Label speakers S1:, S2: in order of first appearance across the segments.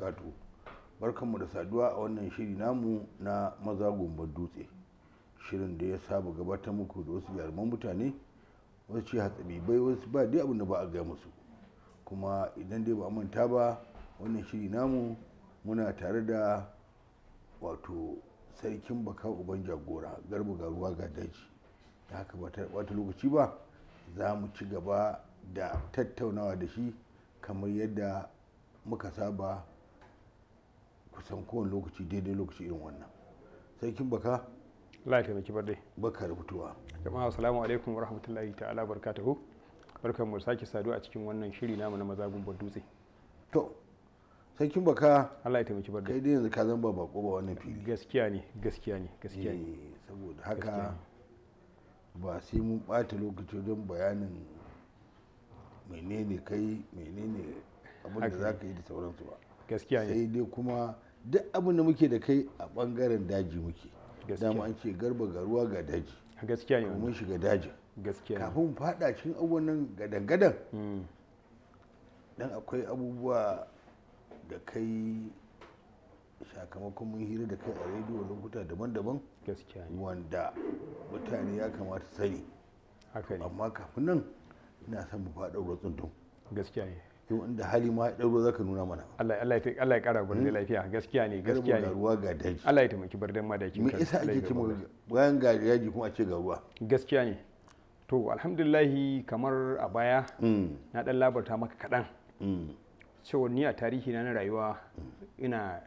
S1: barkan barkanmu da saduwa a wannan shiri namu na maza gombar dutse shirin da ya saba gabata muku da wasu jaruman mutane wasu ce bai wasu ba dai abin da ba a gaya musu kuma idan dai ba manta ba wannan shiri namu muna tare da wato sarkin baka uban jagora garba ga ruwa ga daji da haka ba ta lokaci ba za mu ci gaba da tattaunawa da shi kamar yadda muka saba kusan kowane lokaci daidai lokaci irin wannan sarkin baka
S2: Allah mai kibar dai baka da fitowa jama'a assalamu alaikum wa rahmatullahi ta'ala barkatahu barkan mu sake saduwa a cikin
S1: wannan shiri namu na mazagun gumbar dutse to sarkin baka Allah ya taimaki bar dai kai dai yanzu ka zan ba bako ba wannan fili gaskiya ne gaskiya ne gaskiya ne eh, saboda haka ba sai mun bata lokaci don bayanin menene kai menene abin da za ka yi da sauransu ba gaskiya ne sai dai kuma duk abin da muke da kai a bangaren daji muke dama an ce garba ga ruwa ga daji gaskiya ne mun shiga daji gaskiya kafin fada cikin abubuwan nan gadan-gadan hmm. dan akwai abubuwa da kai sakamakon mun hira da kai a rediyo lokuta daban-daban Gaskiya wanda mutane ya kamata sani amma kafin nan ina son mu faɗa ruwa tsuntun gaskiya ne yau wanda hali ma ya ɗauro zaka nuna mana Allah Allah ya Allah ya da lafiya gaskiya
S2: ne gaskiya ne ruwa ga daji Allah ya taimaki birnin madaki me yasa ake ce
S1: bayan ga daji kuma a ce
S2: ga ruwa gaskiya ne to alhamdulillahi kamar a baya mm. na dan labarta maka kaɗan mm. cewa ni a tarihi na rayuwa ina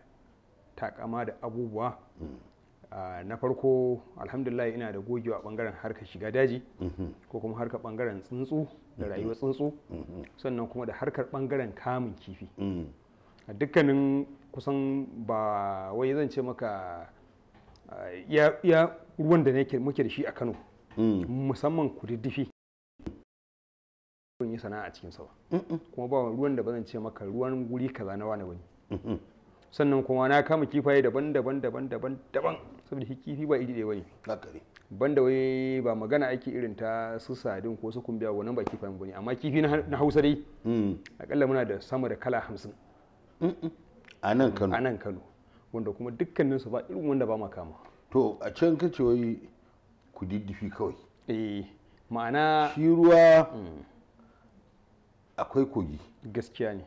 S2: takama da abubuwa mm. na farko alhamdulillah ina da gogewa bangaren harkar shiga daji mhm. ko kuma harkar bangaren tsuntsu da mhm. rayuwar tsuntsu mhm. sannan kuma da harkar bangaren kamun kifi mm. a dukkanin kusan ba wai zan ce maka ya ruwan da muke da shi a kano mm. musamman kududdufi yi sana'a a cikin ba kuma ba ruwan da ba zan ce maka ruwan guri kaza na wani wani. sannan kuma na kama kifaye daban daban daban daban daban saboda kifi ba iri ɗaya bane haka banda wai ba magana ake irin ta su sadin ko su kumbiya wannan ba kifayen bane amma kifi na hausa dai hmm. akalla muna da sama da kala hamsin
S1: a nan kano a nan kano
S2: wanda kuma dukkanin su ba irin wanda ba ma kama
S1: to a can kace wai ku diddifi kawai eh ma'ana shi ruwa hmm.
S2: akwai kogi gaskiya ne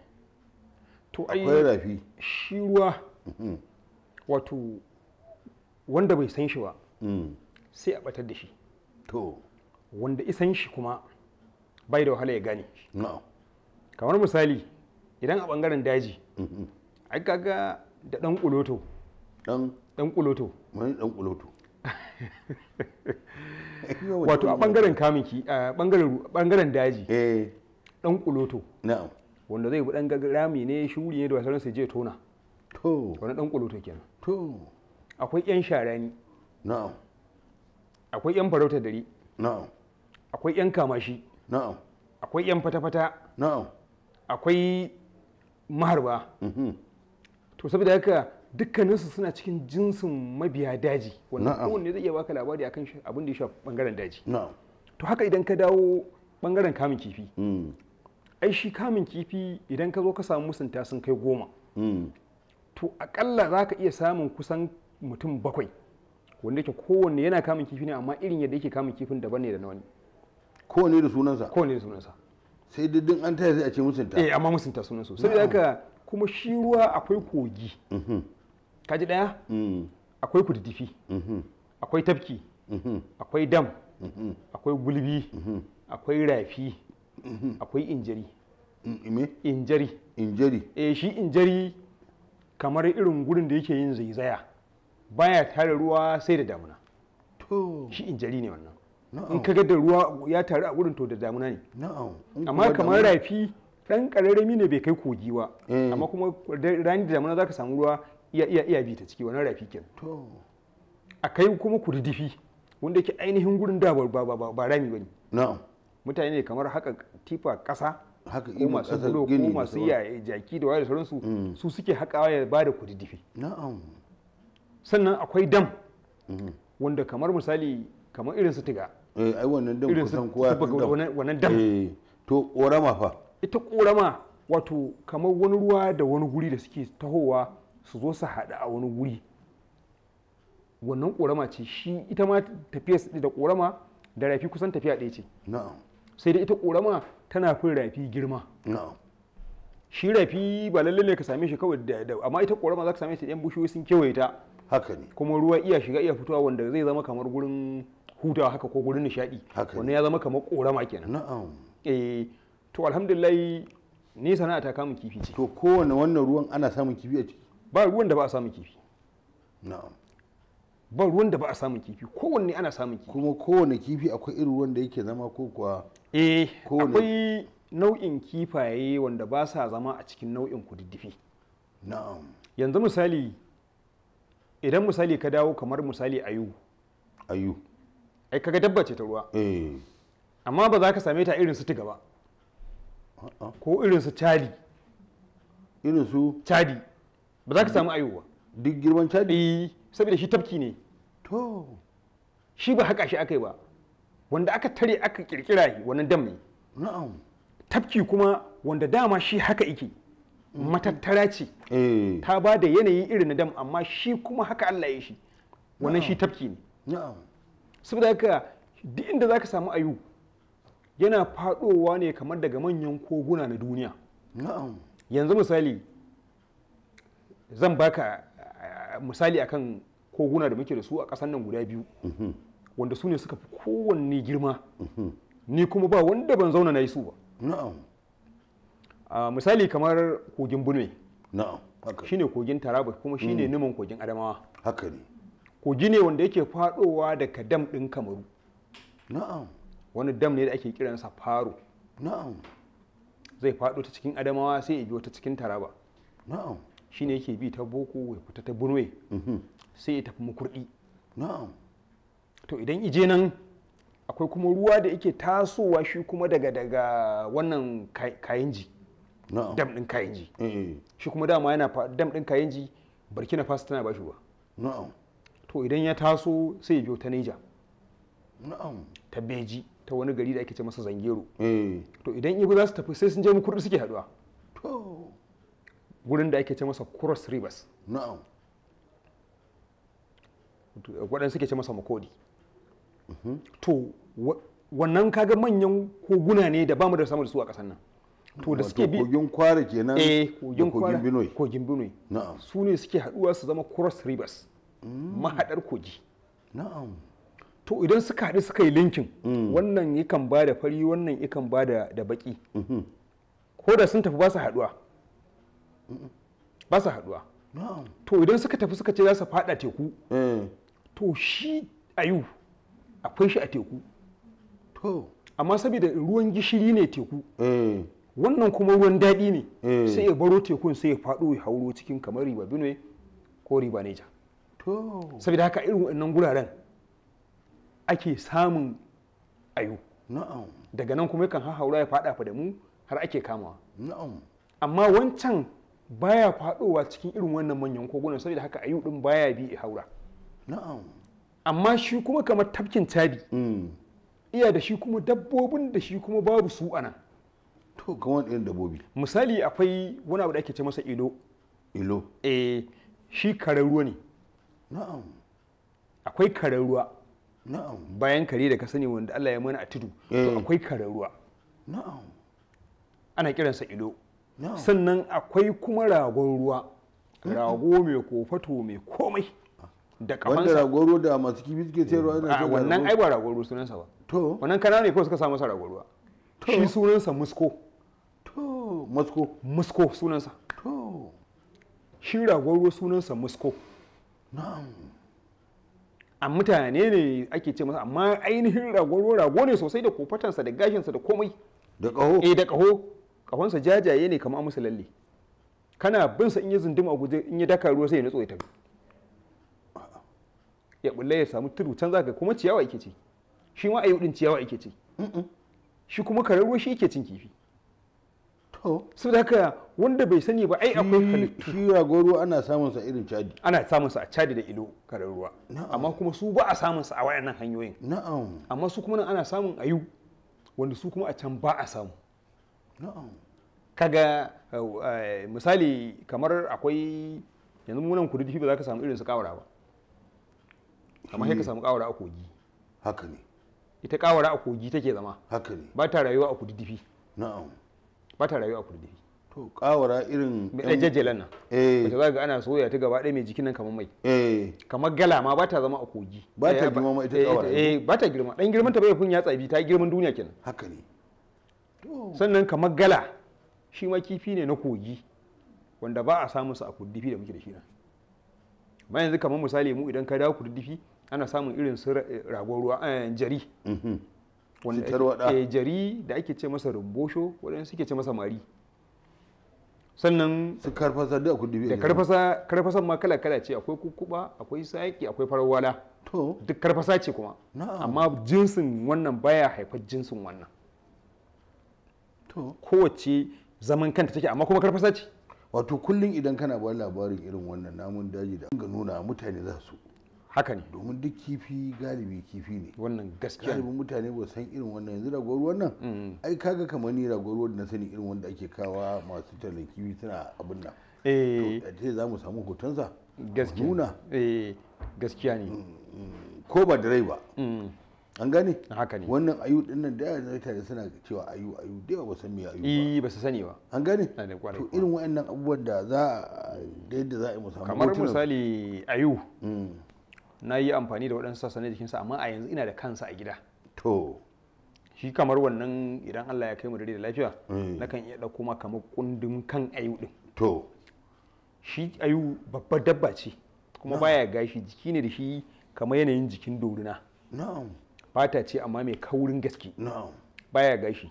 S2: to akwai rafi shi ruwa mm-hmm. wato wanda bai san shi ba mm. sai a batar da shi to wanda isan shi kuma bai da wahala ya gane kamar misali idan a bangaren daji mm-hmm. ai kaga da dan kuloto dan dan kuloto
S1: wani dan kuloto wato a bangaren
S2: kamiki a bangaren daji dan eh. kuloto wanda zai bi dan rami ne shuri ne da wasaransa je tona to wani dan kuloto kenan to akwai 'yan sharani na'am akwai 'yan farauta dari na'am akwai 'yan kamashi na'am akwai 'yan fata-fata na'am akwai maharba mm-hmm. to saboda haka dukkaninsu suna cikin jinsin mabiya daji wannan kowanne zai iya baka labari akan abin da ya shafi bangaren daji to haka idan ka dawo bangaren kamun kifi mm. ai shi kamun kifi idan ka zo ka samu musunta sun kai goma mm. to akalla za ka iya samun kusan mutum bakwai wanda yake kowanne yana kamun kifi ne amma irin yadda yake kamun kifin daban ne da na wani kowanne da sunansa kowanne da sunansa sai duddun an taya sai a ce musunta eh amma musunta sunan su saboda haka kuma shi ruwa akwai kogi mm-hmm. kaji daya mm. akwai kududdufi mm-hmm. akwai tafki mm-hmm. akwai dam akwai gulbi akwai rafi akwai injari mm, injari injari eh shi injari kamar irin gurin da yake yin zaizaya baya tara ruwa sai da damuna to shi injari ne wannan in ka ga da ruwa ya taru a gurin to da damuna ne amma kamar rafi dan kararrami ne bai kai kogi ba eh. amma kuma rani da damuna zaka samu ruwa iya iya iya bi ta ciki wannan rafi kenan to akai kuma kurdifi wanda ke ainihin gurin da ba ba ba rami bane na'am mutane ne kamar haka tifa kasa haka ko masu ko masu eh, jaki da wayar da sauransu mm. su suke hakawa ya bada kurdifi na'am sannan akwai dam mhm. wanda kamar misali kamar irin su tiga
S1: eh, ai wannan dam kusan kowa wannan dam eh, to korama fa
S2: ita korama wato kamar wani ruwa da wani guri da suke tahowa su zo su haɗu a wani guri wannan korama ce shi ita ma tafiya da korama da rafi kusan tafiya ɗaya ce sai dai ita korama tana fin rafi girma shi rafi ba lallai ne ka same shi kawai da amma ita korama za ka same shi yan bushiyoyi sun kewaye ta haka ne kuma ruwa iya shiga iya fitowa wanda zai zama kamar gurin hutawa haka ko gurin nishadi wani ya zama kamar korama kenan na'am eh to alhamdulillah ni sana'a ta kamun kifi ce to kowane wannan ruwan ana samun kifi a ciki ba ruwan da ba a samun kifi na'am ba ruwan da ba a samun kifi kowanne ana samun kifi kuma kowane kifi akwai irin ruwan da yake zama ko kuwa eh akwai nau'in kifaye wanda ba sa zama a cikin nau'in kududdufi na'am yanzu misali idan misali ka dawo kamar misali ayu ayu ai kaga dabba ce ta ruwa eh. amma ba za ka same ta irin su tiga ba ko irin su cadi irin su cadi ba za ka samu ayu ba duk girman eh saboda shi tafki ne to shi ba haka shi akai ba wanda aka tare aka kirkira wannan dam ne na'am tafki kuma wanda dama shi haka yake matattara ce eh. ta ba da yanayi irin na dam amma shi kuma haka Allah ya shi wannan shi tafki ne saboda haka duk inda za ka samu ayu yana fadowa ne kamar daga manyan koguna na duniya yanzu misali zan baka misali akan koguna da muke da su a kasan nan guda biyu mhm. wanda su ne suka fi kowanne girma mhm. ni kuma ba wanda ban zauna na yi su ba misali kamar kogin bunwe na'am shine kogin taraba kuma shine hmm. numan kogin adamawa haka kogi ne wanda yake fadowa daga dam din kamaru na'am wani dam ne da ake kiransa faro na'am zai fado ta cikin adamawa sai ya biyo ta cikin taraba na'am shine yake bi ta boko ya fita ta bunwe mm-hmm. sai ya tafi makurdi na'am to idan ije nan akwai kuma ruwa da yake tasowa shi kuma daga daga wannan kayan kayanji dam din kayanji eh. shi kuma dama yana dam din kayanji burkina faso tana ba shi ruwa to idan ya taso sai ya biyo ta neja ta beji ta wani gari da ake ce masa zangero eh. to idan ibo za su tafi sai sun je mu mukurdi suke haduwa gurin da ake ce masa cross rivers waɗansu suke ce masa makodi mhm. to wannan kaga manyan koguna ne da bamu da samu da su a ƙasar nan
S1: to da suke bi kogin kwara kenan eh kogin kwara kogin binoy na'am
S2: su ne suke haduwa su zama cross rivers mm. mahadar kogi na'am to idan suka haɗu suka yi linkin mm. wannan yakan ba da fari wannan yakan ba da baki mm-hmm. ko da sun tafi ba su haduwa ba su haduwa to idan suka tafi suka ce za su fada teku eh. to shi ayu akwai shi a teku to amma saboda ruwan gishiri ne teku eh. wannan kuma ruwan daɗi ne eh. sai ya baro tekun sai ya faɗo ya hauro cikin kamar riba benue ko riba neja saboda haka irin wannan guraren ake samun ayu daga nan kuma yakan haura ya faɗa fa da mu har ake kamawa amma wancan baya faɗowa cikin irin wannan manyan kogunan saboda haka ayu din baya bi ya haura amma shi kuma kamar tafkin tabi mm. iya da shi kuma dabbobin da shi kuma babu su anan to ga wani irin dabobi misali akwai wani abu da ake ce masa ilo ilo eh shi karen ruwa ne na'am akwai karen ruwa na'am bayan kare da ka sani wanda Allah ya mana a tudu to eh. akwai karen ruwa na'am ana kiransa ilo sannan akwai kuma ragon ruwa rago mai kofato
S1: mai komai da kamansa wanda ragon ruwa da masu kibi suke sayarwa wannan ai ba ragon
S2: ruwa sunansa ba to wannan kana ne ko suka sa masa ragon ruwa shi sunansa musko musko musko sunansa to shi ragon sunansa musko na'am a mutane ne ake ce masa amma ainihin ragon ruwa rago ne sosai da kofatansa da gashinsa da komai da kaho eh da kaho kahonsa jajaye ne kamar musu lalle kana bin sa in ya zunduma a guje in ya daka ruwa sai ya nutso ya tafi ya bulle ya samu tudu can zaka kuma ciyawa yake ce shi ma ayu din ciyawa yake ce shi kuma karen ruwa shi yake cin kifi Su da haka wanda bai sani ba ai akwai halittu shi ragon ruwa ana samun sa irin cadi ana samun sa a cadi da ilo karen ruwa amma kuma su ba a samun sa a wayannan hanyoyin na'am amma su kuma nan ana samun ayu wanda su kuma a can ba a samu na'am kaga eh, eh, misali kamar akwai yanzu munan kudu ba za ka samu irin su kawara ba amma sai ka samu kawara a kogi haka ne ita kawara a kogi take zama haka ne ba ta rayuwa a kududdufi na'am ba ta rayuwa
S1: a kududdufi to kawara irin mai jajjalan nan eh
S2: wata zaka ana soya ta gaba ɗaya mai jikin nan kamar mai eh kamar gala ma ba ta zama a kogi ba ta eh, girma ma ita kawara eh, eh ba ta girma dan girman ta bai kun yatsa tsabi ta girman duniya kenan haka ne sannan kamar gala shi ma kifi ne na kogi wanda ba a samu su a kududdufi da muke da shi nan yanzu kamar misali mu idan ka dawo kududdufi ana samun irin su eh, ragon ruwa eh, jari mhm. wanda eh, jari da ake ce masa rumbosho wadanda suke ce masa mari
S1: sannan su karfasa da kudi da
S2: karfasa karfasan ma kala kala ce akwai kukuba akwai saki akwai farwala to duk karfasa ce kuma amma jinsin wannan baya haifar jinsin wannan to kowace
S1: zaman kanta take amma kuma karfasa ce wato kullum idan kana ba labarin irin wannan namun daji da ga nuna mutane za su haka ne domin duk kifi galibi kifi ne wannan gaskiya galibin mutane ba san irin wannan yanzu ragowar wannan ai kaga kamar ni ragowar wanda na sani irin wanda ake kawa masu tallan kifi suna abin nan eh to za mu samu hotonsa gaskiya nuna eh gaskiya ne ko ba dare ba mm. an gane haka ne wannan ayu din nan da yaran tare suna cewa ayu ayu da ba san me ayu ba eh ba su sani ba an gane to irin waɗannan abubuwan da za da yadda za a yi mu samu kamar
S2: misali ayu mm. na yi amfani da waɗansu sassa na jikinsa amma a yanzu ina da kansa a gida to shi kamar wannan idan Allah ya kai mu da lafiya eh. Na kan iya ɗauko ma kamar kundin kan ayu ɗin. to shi ayu babbar dabba ce kuma baya gashi jiki ne da shi kamar yanayin jikin doruna fata ce amma mai kaurin gaske baya gashi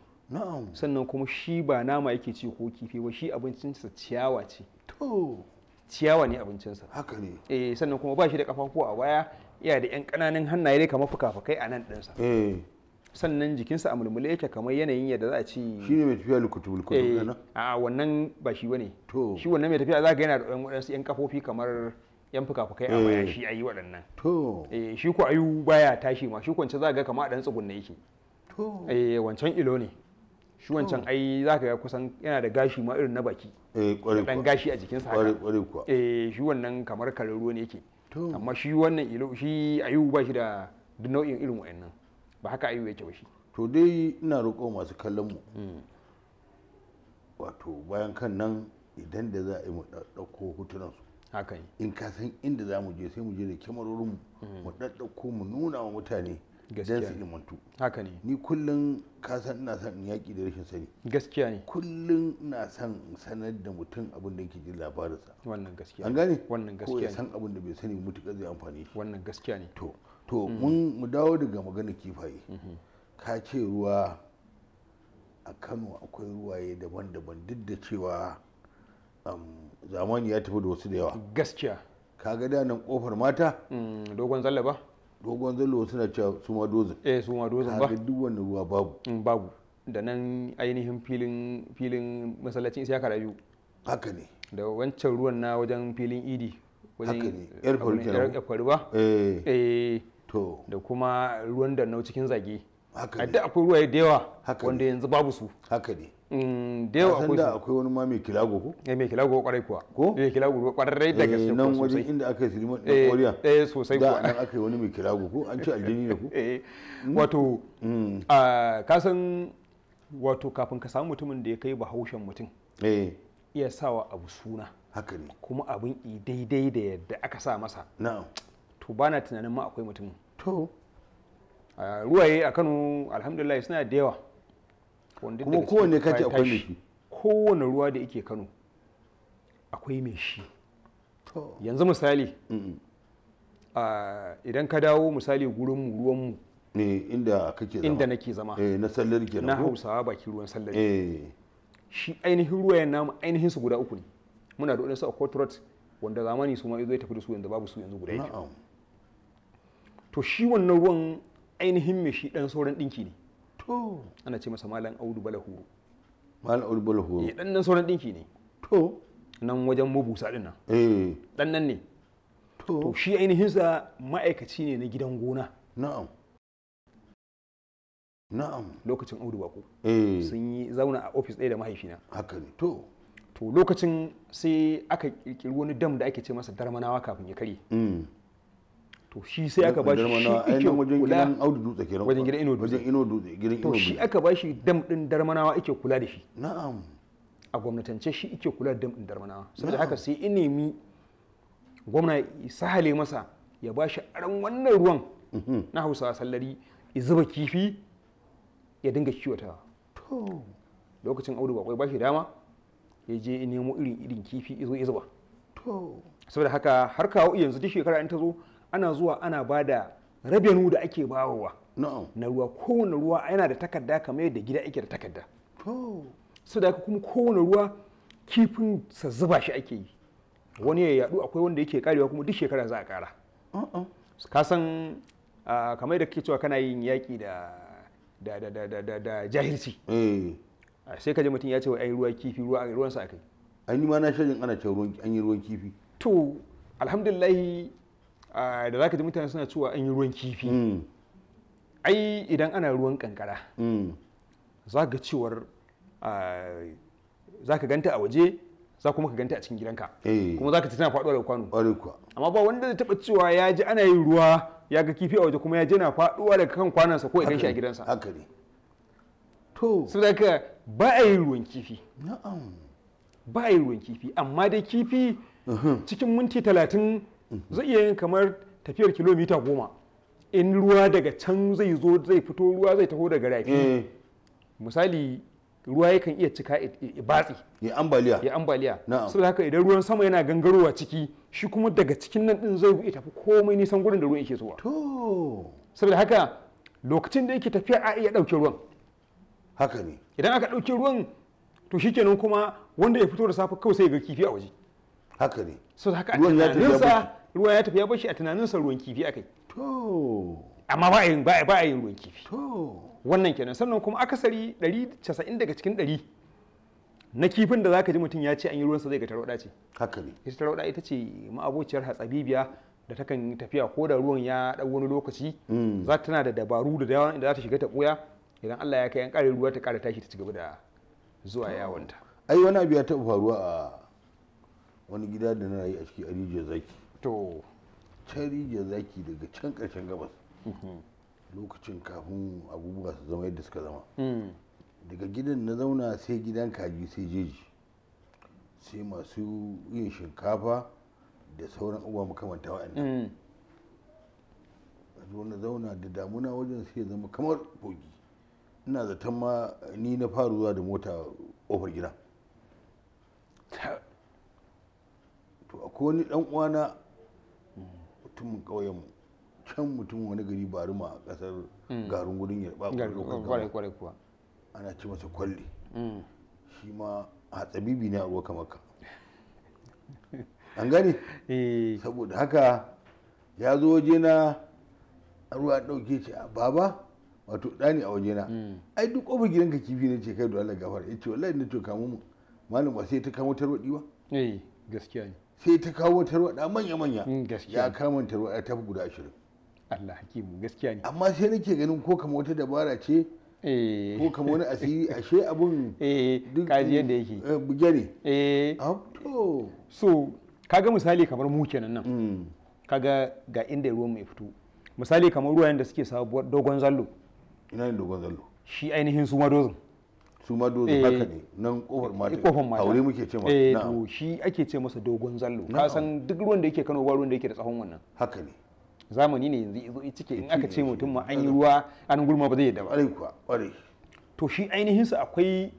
S2: sannan kuma shi ba nama yake ci ko kifi ba shi abincinsa ciyawa ce to ciyawa ne abincinsa haka ne eh sannan kuma ba shi da kafafu a waya. iya da yan kananan hannaye dai kamar fuka-fukai a nan eh sannan jikinsa a mulmule yake kamar yanayin yadda za a ci
S1: shi ne mai tafiya lukutu lukutu eh, ne
S2: a wannan ba shi bane to shi wannan mai tafiya za ga yana da waɗansu yan kafofi kamar yan fuka-fukai a waya eh. shi ayi waɗannan to eh shi ko ayu baya tashi ma shi kwance za ga kamar a dan tsugunne yake to eh wancan ilo ne shi wancan ai za ka ga kusan yana da gashi ma irin na baki
S1: eh, dan gashi a jikinsa haka
S2: eh shi wannan kamar karin ruwa ne yake amma shi wannan ilo shi ayu ba shi da nau'in irin wayannan ba haka ayu yake ba shi
S1: to dai ina roƙo masu kallon mu hmm. wato bayan kan nan idan da za a yi mu ɗauko hutunan su haka in ka san inda za mu je sai mu je da kyamarorin mu hmm. mu ɗaɗɗauko mu nuna wa mutane don su ilmantu haka ne ni kullum ka san ina son in yaƙi da rashin sani gaskiya ne kullum ina son sanar da mutum abin da yake ji labarinsa wannan gaskiya an gane wannan gaskiya ko ya san abin da bai sani mutuƙar zai amfani wannan gaskiya ne to to mm-hmm. mun mu dawo daga magana kifaye mm-hmm. ka ce ruwa a Kano akwai ruwaye daban-daban duk da cewa um, zamani ya tafi da wasu da yawa gaskiya ka ga da nan kofar mata mm, dogon zallaba. dogon zallo suna cewa su ma dozin eh su ma dozin ba duk wannan ruwa babu mm, babu
S2: da nan ainihin filin filin masallacin isiyaka da biyu haka ne da wancan ruwan na wajen filin idi wajen yar faru eh. eh to da kuma ruwan da nau cikin zage haka ne akwai ruwaye da yawa wanda yanzu babu su haka ne Mm, da yawa akwai da akwai wani ma mai kilago ko eh mai kilago kwarai kuwa ko eh kilago kwarai da eh, gaske nan wajen
S1: inda aka yi siliman da eh, koriya eh sosai kuwa nan aka yi wani mai kilago ko an ci aljini ne ko eh hmm? wato hmm.
S2: ka san wato kafin ka samu mutumin da ya kai bahaushen mutum eh iya sawa abu suna haka ne kuma abin i daidai da yadda aka sa masa na'am to bana tunanin ma akwai mutumin to ruwaye a Kano alhamdulillah suna da yawa kuma kowane kaji akwai mai shi kowane ruwa da yake kano akwai mai shi yanzu misali idan ka dawo misali gurin ruwanmu
S1: ne inda kake zama inda nake zama eh, na sallar ke na hausawa
S2: baki ruwan sallar eh. shi ainihin ruwayen namu ainihin su guda uku ne muna da wadansu a kotrot wanda zamani su ma zai tafi da su yanzu babu su yanzu guda yake to shi wannan ruwan ainihin mai shi dan sauran dinki ne Oh. ana ce masa malam audu Bala huru
S1: malam audu huru eh
S2: dan nan sauran dinki ne to nan wajen mabu din nan eh dan nan ne to shi ainihin sa ma'aikaci ne na gidan gona na'am na'am lokacin audu bako eh sun yi zauna a office ɗaya da mahaifina haka ne to to lokacin sai aka kirkiri wani dam da ake ce masa darmanawa kafin ya kare
S1: mm. to shi sai aka ba shi wajen gidan audu dutse kenan wajen gidan ino dutse wajen ino dutse gidan to shi
S2: aka ba shi dam din darmanawa ike kula da shi na'am a gwamnatance shi ike kula da dam din darmanawa saboda haka sai in nemi gwamna sahale masa ya ba shi aran wannan ruwan mhm. na Hausawa sallari ya zuba kifi ya dinga kiwatawa to lokacin audu ba kai ba shi dama ya je nemo irin irin kifi izo ya zuba to saboda haka har kawo yanzu duk shekara in ta zo ana zuwa ana ba da rabenu da ake bawowa na ruwa kowane ruwa yana da takarda kamar yadda gida ake da takarda su da kuma kowane ruwa kifin sa zuba shi ake yi wani ya yadu akwai wanda yake karewa kuma duk shekara za a kara uh-uh. ka san kamar yadda kake cewa kana yin yaƙi da da da da da da jahilci eh. sai ka ji mutum ya ce ai ruwa kifi
S1: ruwa ruwan sa kai. an yi ma na shirin ana ce an yi ruwan kifi to alhamdulillah
S2: da za ka ji mutane suna cewa an yi ruwan kifi mm. ai idan ana ruwan kankara mm. za ka cewar za ka ganta a waje za kuma ka ganta a cikin gidanka
S1: eh. kuma za ka tana faɗuwa da kwano amma
S2: ba wanda zai taɓa cewa ya ji ana yin ruwa ya ga kifi a waje kuma ya ji na faɗuwa daga kan kwanansa ko ya shi a gidansa haka ne to su da ka ba a yin ruwan kifi na'am ba a yin ruwan kifi amma dai kifi cikin minti talatin zai iya yin kamar tafiyar kilomita goma in ruwa daga can zai zo zai fito ruwa zai taho daga rafi eh. misali ruwa yakan iya cika batsi ya ambaliya ya ambaliya saboda haka idan ruwan sama yana gangarowa ciki shi kuma daga cikin nan din zai iya tafi komai nisan gurin da ruwan yake zuwa to saboda haka lokacin da yake tafiya a iya dauke ruwan haka ne idan aka dauke ruwan to shikenan kuma wanda ya fito da safe kawai sai ga kifi a waje haka ne saboda haka ruwan ya ruwa ya tafi ya bashi a tunaninsa ruwan kifi akai to amma ba a yin ba a yin ruwan kifi to wannan kenan sannan kuma akasari 190 daga cikin 100 na kifin da zaka ji mutum ya ce an yi ruwansa zai ga tarwada ce haka ne ita tarwada ita ce ma'abociyar hatsabibiya da takan tafiya ko da ruwan ya dau wani lokaci mm. za ta tana da dabaru da yawa inda za ta shiga ta koya idan Allah ya kai an kare ruwa ta kare tashi ta cigaba da zuwa yawonta
S1: ai wani abu ya taɓa faruwa a wani gida da na yi a cikin arijiyar zaki to can rijiyar zaki daga can ƙarshen gabas mhm. lokacin kafin abubuwa su zama yadda suka zama hmm. daga gidan na zauna sai gidan kaji sai jeji sai masu yin shinkafa da sauran uwa makamanta wa'annan hmm. zo na zauna da damuna wajen sai zama kamar kogi ina zaton ma ni na faru zuwa da mota ƙofar gida to akwai wani ɗan uwana mutumin ƙauyenmu can mutum wani gari ba ma a ƙasar hmm. garin gudun ya ba kuwa ana ci masa kwalli hmm. shi ma a tsabibi ne a ruwa kamar ka an gane eh. saboda haka ya zo waje na ruwa ɗauke ce a baba wato ɗani a waje na hmm. ai duk ƙofar gidanka kifi ne ce kai da Allah gafara ya ce wallahi na to kamo mu malam ba sai ta kamo tarwaɗi ba eh gaskiya ne sai ta kawo da manya-manya mm, ya kama ya ta guda ashirin Allah hakimu gaskiya ne amma sai nake ganin ko kama wata dabara ce
S2: eh. ko kama wani asiri
S1: ashe abun
S2: eh, kaji yadda yake eh, buge ne so kaga misali kamar mu kenan nan mm. kaga ga inda ruwan mai fito misali kamar ruwa da suke sabuwar dogon zallo ina ne dogon zallo shi ainihin su madozin su ma dozo eh, haka ne nan kofar mata eh, aure muke ce masa na eh, to shi ake ce masa dogon zallo ka san duk ruwan da yake Kano ba ruwan da yake da tsahon wannan haka ne zamani ne yanzu izo cike in aka ce mutum ma an yi ruwa an gulma ba zai yadda ba ƙwarai kware to shi ainihin sa akwai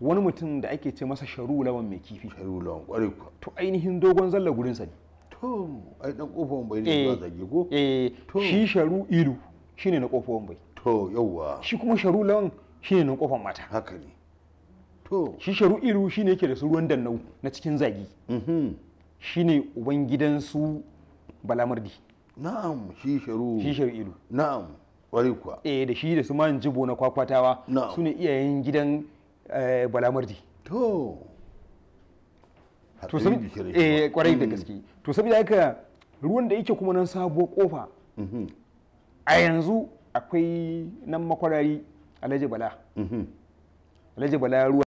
S2: wani mutum da ake ce masa sharu lawan mai kifi sharu lawan ƙwarai to ainihin dogon zalla gurin sa ne to ai dan kofar bai ne ba zage ko eh shi sharu ilu shine na kofar bai to yawwa shi kuma sharu lawan shine na kofar mata haka ne shi shi shine yake da su ruwan dannau na cikin zagi mhm. ne uban gidansu balamardi na'am shi sharu shi iru na'am kwarai kuwa eh da shi da su man jibo na kwakwatawa su ne iyayen gidan eh, balamardi to to sun eh kwarai da mm. gaske to saboda haka ruwan da yake kuma nan sabo kofa mhm. a yanzu akwai nan makwarari alhaji bala mhm. alhaji bala ruwa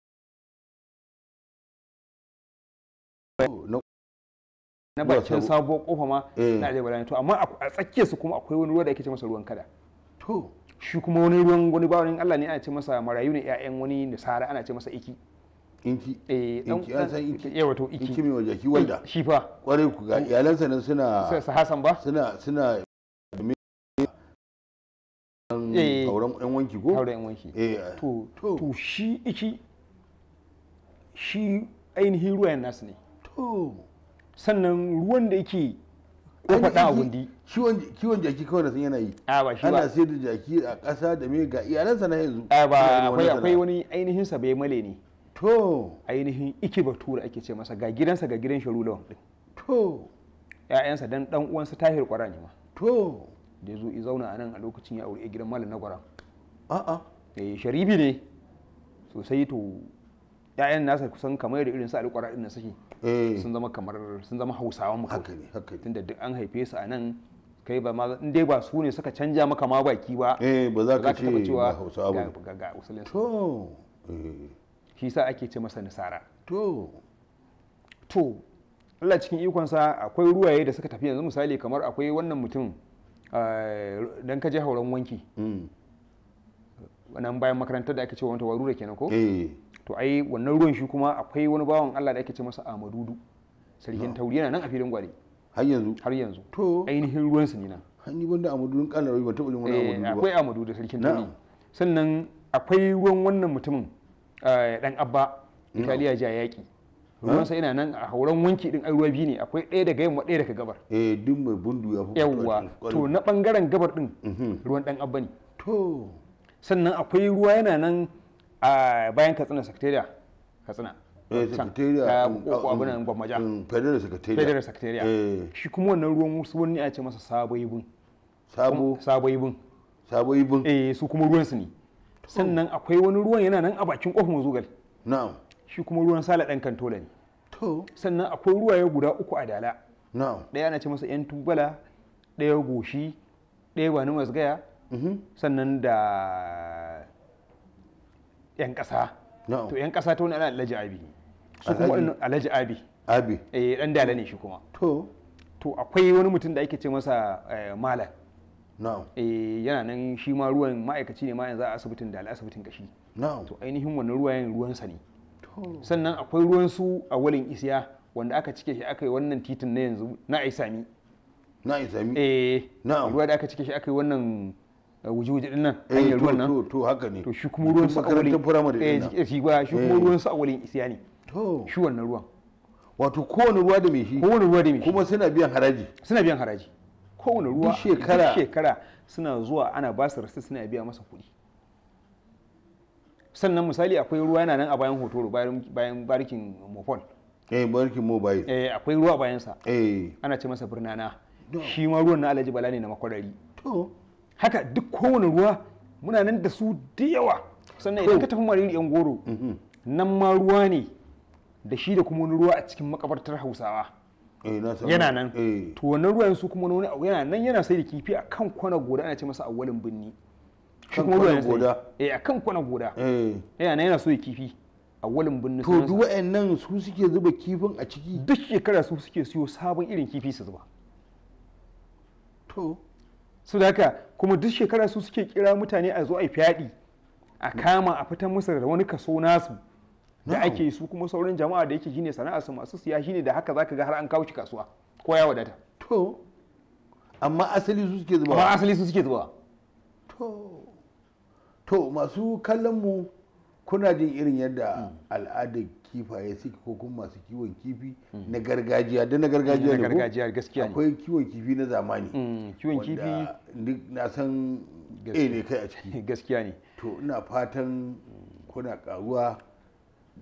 S2: na bakin sabuwar kofa ma na arewa da to amma a tsakiyar su kuma akwai wani ruwa da ake ce masa ruwan kada to shi kuma wani ruwan wani bawanin Allah ne ana ce masa marayu ne ƴaƴan wani nisara ana ce masa iki inki
S1: eh, inki an san inki yawa to iki inki mai waje ki walda shi fa kwarai ku ga iyalansa nan suna sa Hassan ba suna suna eh. auren yan wanki ko auren yan wanki eh. to to shi iki
S2: shi ainihin ruwayan nasu ne to sannan ruwan da yake kofa a gundi kiwon jaki kawai da sun yana yi
S1: a ba shi ba ana sayar da jaki a ƙasa da mai ga iyalansa na yanzu a ba akwai akwai
S2: wani ainihin sa bai male ne to ainihin iki batura ake ce masa ga gidansa ga gidan sharulawan din to ya'yansa dan dan uwansa tahir kwara ne ma to da zo i zauna a nan a lokacin ya aure gidan malam na ƙwara. a'a eh sharibi ne sosai to Ya'yan nasa kusan kamar da irin su alƙwara din na suke Eh. sun zama kamar sun zama hausawa mu haka ne haka tunda duk an haife su a nan kai ba ma in dai ba su ne suka canja maka ma baki ba eh ba za ka ce ba hausawa ba ga ga usulin to eh. shi sa ake ce masa nasara to to Allah cikin ikonsa akwai ruwaye da suka tafi yanzu misali kamar akwai wannan mutum eh, dan ka je hauren wanki mm. nan bayan makarantar da ake cewa wata warura kenan ko eh. to ai wannan ruwan shi kuma akwai wani bawan Allah da ake ce masa Amadudu sarkin ah. tauri yana nan a filin gwari har yanzu har yanzu to ainihin ruwan sa ne na
S1: ni banda Amadudun kana rawi ta taɓa wannan wani eh, Amadudu akwai Amadudu
S2: sarkin tauri sannan akwai ruwan wannan mutumin
S1: dan eh, Abba Italiya ja
S2: yaki ruwan sa yana nan a hauran wanki din ai ruwa biyu ne akwai ɗaya daga yamma ɗaya daga gabar eh duk
S1: mai bundu ya
S2: fuka Yawa to na bangaren gabar din mhm. ruwan dan Abba ne to sannan akwai ruwa yana nan a bayan katsina sakatariya katsina
S1: eh, um, abinan um,
S2: gwammaja um, federal secretariat federal secretariat eh. shi kuma wannan ruwan wasu wani a ce masa sabo ibin sabo sabo ibin eh su kuma ruwan su ne sannan akwai wani ruwan yana nan a bakin kofin zugal na'am shi kuma ruwan sala dan kantola ne to sannan akwai ruwaye guda uku a dala na'am daya ana ce masa yan tubala daya goshi daya bani masgaya sannan da 'yan ƙasa to 'yan ƙasa ta wani ana alhaji abi su kuma wani alhaji abi abi eh dan dala ne shi kuma to to akwai wani mutum da ake ce masa eh, malam na'am eh yana nan shi ma ruwan ma'aikaci ne ma yanzu a asibitin da asibitin kashi na'am to ainihin wannan ruwan sa ne sannan akwai ruwan su a walin isiya wanda aka cike shi aka yi wannan titin na yanzu na aisami na aisami eh na'am ruwa da aka cike shi aka yi wannan Wuje-wuje, din nan eh, hanyar ruwan nan to haka ne to shi kuma ruwan su awalin firamare din eh, nan shi eh, ba shi kuma ruwan su awalin isiya ne to shi wannan ruwan wato kowane ruwa da mai shi kowane ruwa da mai shi kuma suna biyan haraji suna biyan haraji kowane ruwa shekara shekara suna zuwa ana ba su rasu suna biya masa kuɗi sannan misali akwai ruwa yana nan a bayan hotoro bayan barikin mofon eh barikin mobile eh akwai ruwa bayan sa eh ana ce masa birnana shi ma ruwan na alhaji bala ne na makwarari to haka duk kowane ruwa muna nan da su da yawa sannan idan ka tafi mariri yan goro mm-hmm. nan ma ruwa ne da shi da kuma wani ruwa a cikin makabartar hausawa
S1: eh, yana nan eh.
S2: to wannan ruwan su kuma wani yana nan yana sai da kifi a kan kwana goda ana ce masa awalin binni eh, a kan kwana goda yana nan yana so ya kifi awalin binni to duk nan su suke zuba kifin a ciki duk shekara su suke siyo sabon irin kifi su zuba to su da haka kuma duk shekara su suke kira mutane a zo a fyaɗi a kama a fitan musu da wani kaso nasu da ake su kuma sauran jama'a da yake shine sana'a su masu siya shine da haka zaka ga har an kawo shi kasuwa ko ya wadata to
S1: amma asali su suke zuba amma asali su suke zuba to to masu kallon mu kuna jin irin yadda mm. al'adar kifaye suke ko kuma masu kiwon kifi hmm. na gargajiya da na gargajiya da gargajiya gaskiya akwai kiwon kifi na zamani hmm. kiwon kifi na san A ne kai a ciki gaskiya ne to ina fatan kuna karuwa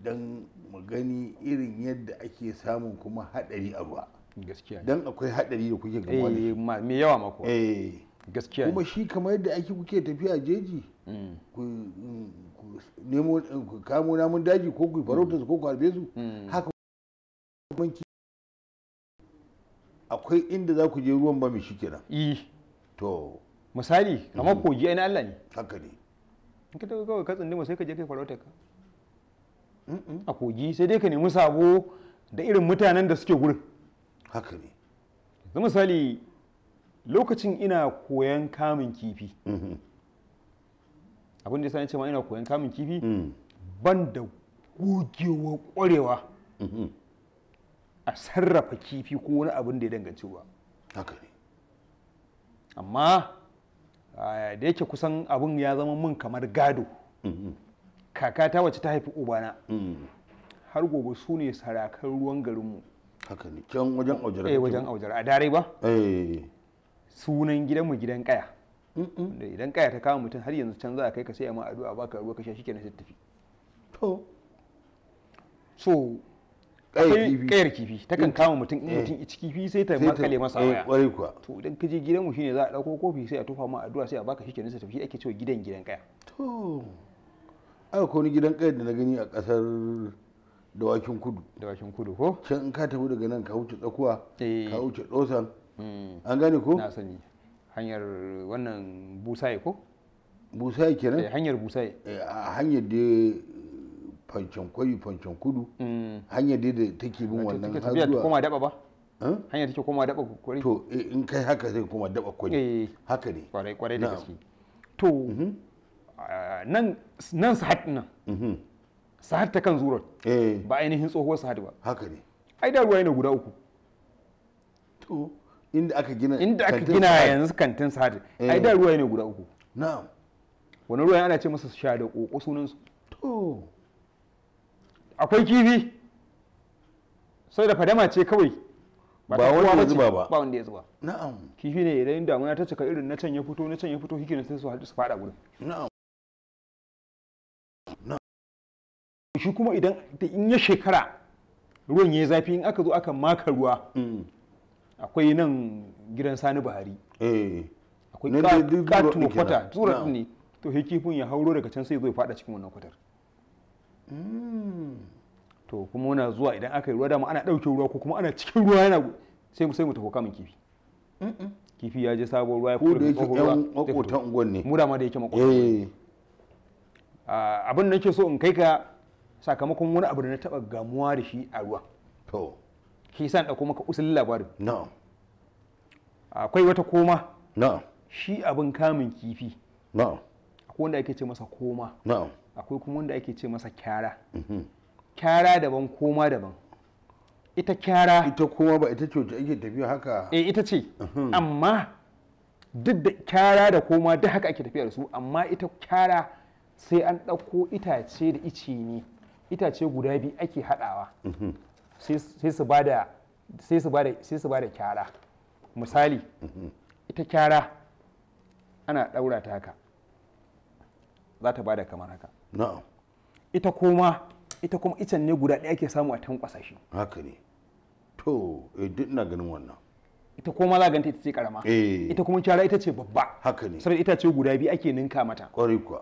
S1: don mu gani irin yadda ake samun kuma hadari a ruwa gaskiya don akwai hadari da kuke gama da
S2: eh, me yawa mako eh gaskiya kuma
S1: shi kamar yadda ake kuke tafiya jeji mm. ku nemo ku kamo namun daji ko ku farauta su ko ku harbe su mm. haka banki akwai inda za ku je ruwan ba mai shi kenan e. to misali kamar mm. kogi ainihin na Allah ne haka ne
S2: in ka taɓa kawai ka tsindi sai ka je kai farauta ka a kogi sai dai ka nemi sabo da irin mutanen da suke gurin haka ne yanzu misali lokacin ina koyan kamun kifi mm-hmm. abin da ya ce ma ina koyan kamun kifi mm. ban da gogewa kwarewa mm-hmm. a sarrafa kifi ko wani abin da ya danganci ba. amma da yake kusan abin ya zama min kamar gado mm-hmm. kakata wacce ta haifi ubana mm. har gobe su ne sarakan ruwan garinmu haka ne kyan eh, a dare ba
S1: eh.
S2: sunan gidan mu gidan kaya idan kaya ta kama mutum har yanzu can za a kai ka sai ma addu'a baka ruwa ka sha shi kenan sai tafi to so kayar kifi ta kan mm. kama mutum in eh. mutum ici kifi sai ta makale masa eh, waya kwarai kuwa to idan ka je gidan mu shine za a dauko kofi sai a tofa ma addu'a sai a baka shi kenan sai tafi ake cewa gidan gidan kaya
S3: to
S1: ai ko ni gidan kaya da na gani a kasar dawakin kudu dawakin kudu ko can in ka tafi daga nan ka wuce tsakuwa eh. ka wuce dosan Hmm. an gane ko na sani hanyar wannan busaye ko busaye kenan eh, hanyar busaye eh, a hanyar da fancen kwayi fancen kudu hmm. hanyar da take bin wannan har zuwa koma daba ba eh? hanyar take koma daba kwari to in kai haka zai koma daba kwari haka ne kwarai kwarai da gaske to mhm.
S2: nan nan sahat nan mhm. sahat ta kan zurar ba ainihin tsohuwar sahat ba haka ne ai da ruwa yana guda uku to inda aka gina inda aka gina yanzu kantin sadi ai eh. da ruwa ne guda uku na'am wani ruwa ana ce masa sha da koko sunan su to akwai kifi sai da fadama ce kawai ba wanda ya zuba ba ba wanda ya zuba na'am kifi ne idan damuna ta cika irin na can ya fito na can ya fito hikinan sai su haɗu su fada gurin na'am shi kuma idan in ya shekara ruwan ya zafi in aka zo aka maka ruwa mm. akwai nan gidan sani buhari eh. akwai katuwa kwata tura ne to he kifin ya hauro daga can sai zai fada cikin wannan kwatar hmm. to kuma wana zuwa idan aka yi ruwa dama ana ɗauke ruwa ko kuma ana cikin ruwa yana sai sai mu tafi kamun kifi kifi ya je sabon ruwa ya fito da yake ruwa makotan unguwan ne mu da ma da yake makotan eh. abin da nake so in kai ka sakamakon wani abu da na taɓa gamuwa da shi a ruwa to shi san ɗauko maka usulin labarin na'am akwai wata koma na'am shi abin kamun kifi na'am akwai wanda ake ce masa koma na'am akwai kuma wanda ake ce masa kyara mm-hmm. kyara daban koma daban ita kyara ita koma ba ita ce wacce ake tafiya haka eh ita ce mm-hmm. amma duk da kyara da koma duk haka ake tafiya da su amma ita kyara sai an ɗauko itace da ice ne itace guda biyu ake haɗawa mm-hmm. sai su ba da kyara misali ita kyara ana ɗaura ta haka za ta ba da kamar haka ita kuma ita kuma icen ne guda ɗaya ke samu a tan shi
S1: haka ne to eh, duk ina ganin wannan
S2: ita kuma za ganta ita ce karama eh. ita kuma kyara ita ce babba haka ne saboda ita ce guda biyu ake ninka mata kwarai kuwa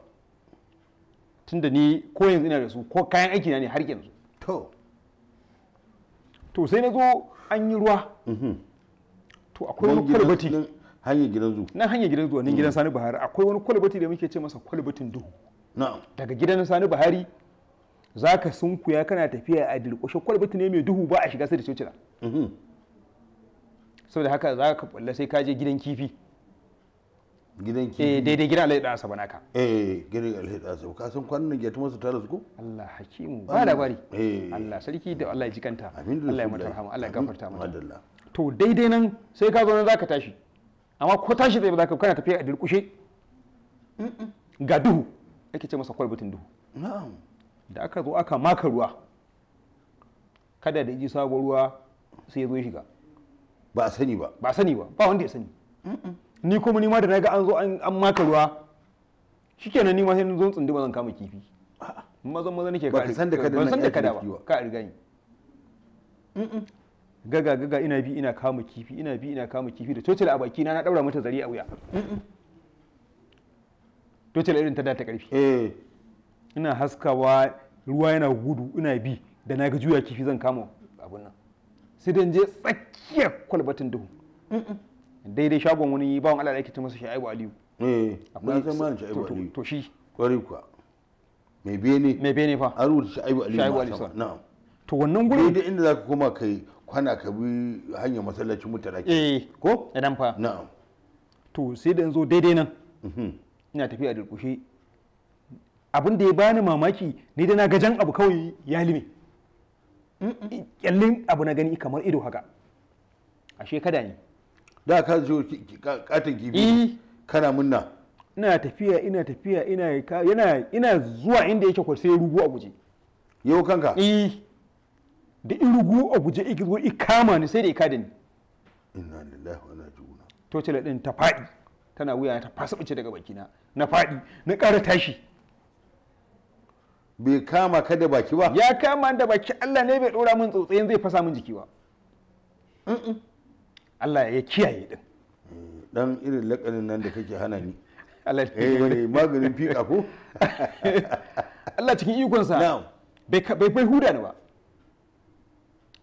S2: tunda ni ko yanzu ina da su ko kayan aiki na ne har yanzu to to sai na zo an yi ruwa mhm. to akwai wani kwalbati
S1: hanyar gidan zu
S2: nan hanyar gidan zu nan gidan mm. sani bahari akwai wani kwalbati da muke ce masa kwalbatin duhu daga gidan sani bahari za ka sunkuya kana tafiya a dirƙushe kwalbati ne mai duhu ba a shiga sai da cocina mhm. saboda haka za ka kwalla sai ka je gidan kifi
S1: gidan eh, kifi eh daidai gidan alhaji da asaba ka eh gidan alhaji dan asaba ka san kwanan ya tuma su tare su ko Allah hakimu ba bari. eh Allah sarki da Allah ya ji kanta Allah ya mutar rahama Allah ya gafarta mata to daidai nan sai ka zo nan zaka
S2: tashi amma ko tashi zai ba zaka kana tafiya a durkushe ga duhu ake ce masa kwalbatin duhu na'am da aka zo aka maka ruwa kada da iji sabon ruwa sai ya zo shiga ba a sani ba ba a sani ba ba wanda ya sani ni kuma nima da na ga an zo an maka ruwa shikenan nima sai zo tsundi ba zan kama kifi mazan maza nake ka san da ka da san da kada ba ka riga ni gaga gaga ina bi ina kama kifi ina bi ina kama kifi da total a baki na na daura mata zari a wuya total irin ta da ta karfi eh ina haskawa ruwa yana gudu ina bi da na ga juya kifi zan kama abun nan sai dan je tsakiyar kwalbatin duhu daidai shagon wani bawan Allah da ake ta masa Sha'ibu Aliyu eh akwai san ma Sha'ibu Aliyu to shi
S1: kwari kuwa mai bene mai bene fa an rubuta Sha'ibu Aliyu Sha'ibu Aliyu na'am to wannan gurin daidai inda za ka koma kai kwana ka bi hanyar masallacin mutane eh ko idan fa na'am to sai da zo daidai nan mhm. ina
S2: tafiya da kushe abin da ya bani mamaki ni da na gajan abu kawai ya lime kyallin abu na gani kamar ido haka ashe kada ne
S1: da ka zo katin kibi eh. kana munna
S2: ina tafiya ina tafiya ina yana ina zuwa inda yake kwal sai rugu a guje yau kanka eh da in rugu a guje ik zo kama ni sai da ikada ni
S1: inna lillahi wa inna
S2: ilaihi cele din ta faɗi tana wuya ta fasa bice daga bakina na faɗi na kara tashi bai kama ka da baki ba ya kama da baki Allah ne bai ɗora min tsotsayin zai fasa min jiki ba Allah ya kiyaye din
S1: dan irin lakanin nan da kake hana ni Allah ya eh, maganin fiƙa ko Allah cikin ikonsa bai bai huda ni ba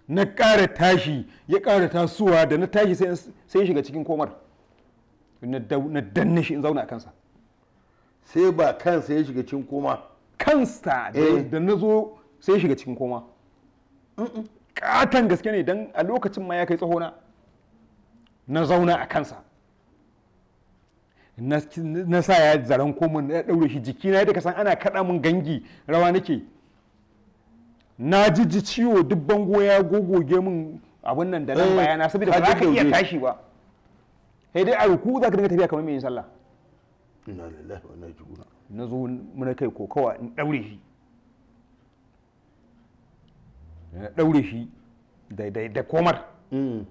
S2: na ƙara tashi ya ƙara tasowa da na tashi sai shiga cikin komar na danne shi in zauna a kansa sai ba kansa ya shiga cikin koma kansa da eh. na zo sai shiga cikin koma katon gaske ne don a lokacin ma ya kai tsahona na zauna a kansa na sa ya zaren komin na ɗaure shi jikina yadda san ana kaɗa min gangi rawa nake na jijji ciwo duk bango ya gogoge min abin nan da nan eh, bayana saboda ba za ka iya tashi ba sai dai a ruku za ka dinga tafiya kamar mai sallah
S1: inna lillahi wa inna ilaihi na zo
S2: muna kai kokawa in ɗaure shi shi da komar mm.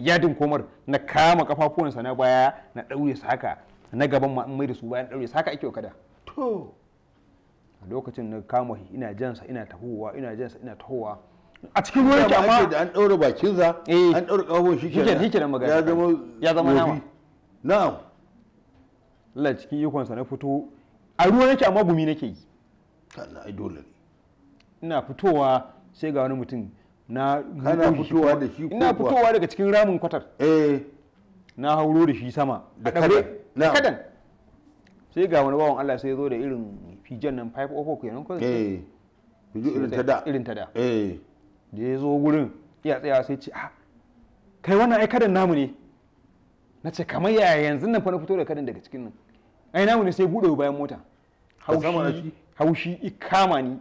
S2: yadin komar na kama kafafuwansa na baya na ɗaure su haka na gaban ma mai da su bayan ɗaure su haka ake kada to a lokacin na kama ina jansa ina tahowa ina jansa ina tahowa
S1: a cikin ruwan ki amma da an ɗaure bakinsa eh. an ɗaure kafafun shi kenan shi kenan magana ya zama ya zama nama na'am
S2: Allah cikin ikonsa na fito a ruwa nake amma gumi nake yi
S1: Allah ai dole
S2: ina fitowa sai ga wani mutum na kana fitowa da shi ina fitowa daga cikin ramin kwatar eh na hauro da shi sama da kadan na kadan sai ga wani bawon Allah sai ya zo da irin fijan nan 504 kenan ko eh
S1: fiju irin ta da irin ta da eh
S2: da ya zo gurin iya tsaya sai ce ah kai wannan ai kadan namu ne na ce kamar yaya yanzu nan fa na fito da kadan daga cikin nan ai namu ne sai bude bayan mota haushi haushi ikama ni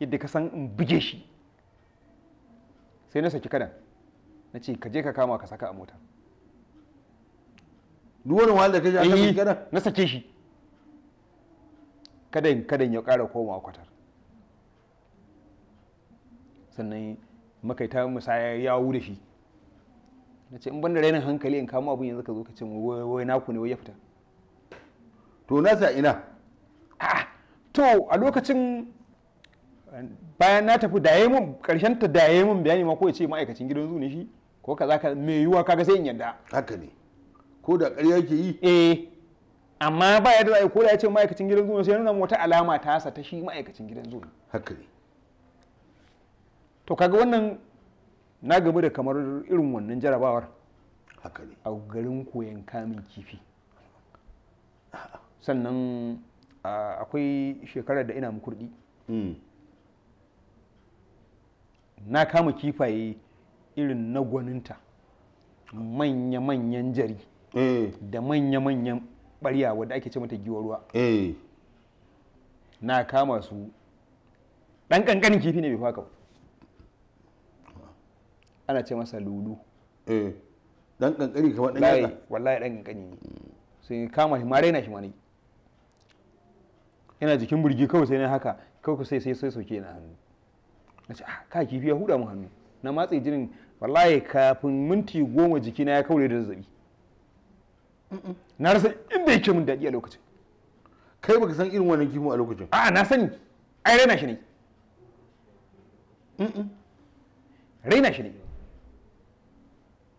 S2: yadda ka san in buge shi sai na saki kadan na ce ka je ka kama ka saka a mota
S1: duwani wani da ka ji aka eh, saki kadan na sake shi
S2: kadan kadan ya ƙara a kwatar sannan makaita musaya ya da shi na ce in ban da rainin hankali in kama abin yanzu ka zo ka ce wai naku ne wai ya fita to na sa ina to a lokacin bayan na tafi da yayi mun karshen ta da yayi mun bayani ma ko ya ce ma'aikacin gidan zu ne shi ko kaza ka me yiwa kaga sai in yadda haka ne ko da ƙarya yake yi eh amma ba ya da zai ko da ya ce ma'aikacin gidan zu ne sai nuna wata alama ta sa ta shi ma'aikacin gidan zu ne haka ne to kaga wannan na gamu da kamar irin wannan jarabawar haka ne a garin koyan kamun kifi sannan akwai shekarar da ina mukurdi hmm. na kama kifaye irin na gwaninta manya-manyan jari eh. da manya-manyan ɓarya wadda ake ce mata giwar ruwa eh. na kama su ɗan kankanin kifi ne bai faka ana ce masa lulu
S1: eh. ɗan
S2: kankanin kamar ɗan yatsa wallahi ɗan ƙanƙani ne sai kama shi ma raina shi ma ne yana jikin burgi kawai sai na haka kawai sai sai sai soke na hannu na ce ah, ka kifi ya huda mun hannu na matse jinin wallahi kafin minti goma jiki na ya kaure da zazzabi na rasa inda yake min daɗi a lokacin kai baka san irin wannan kifin a lokacin a'a na sani ai raina shi ne raina shi ne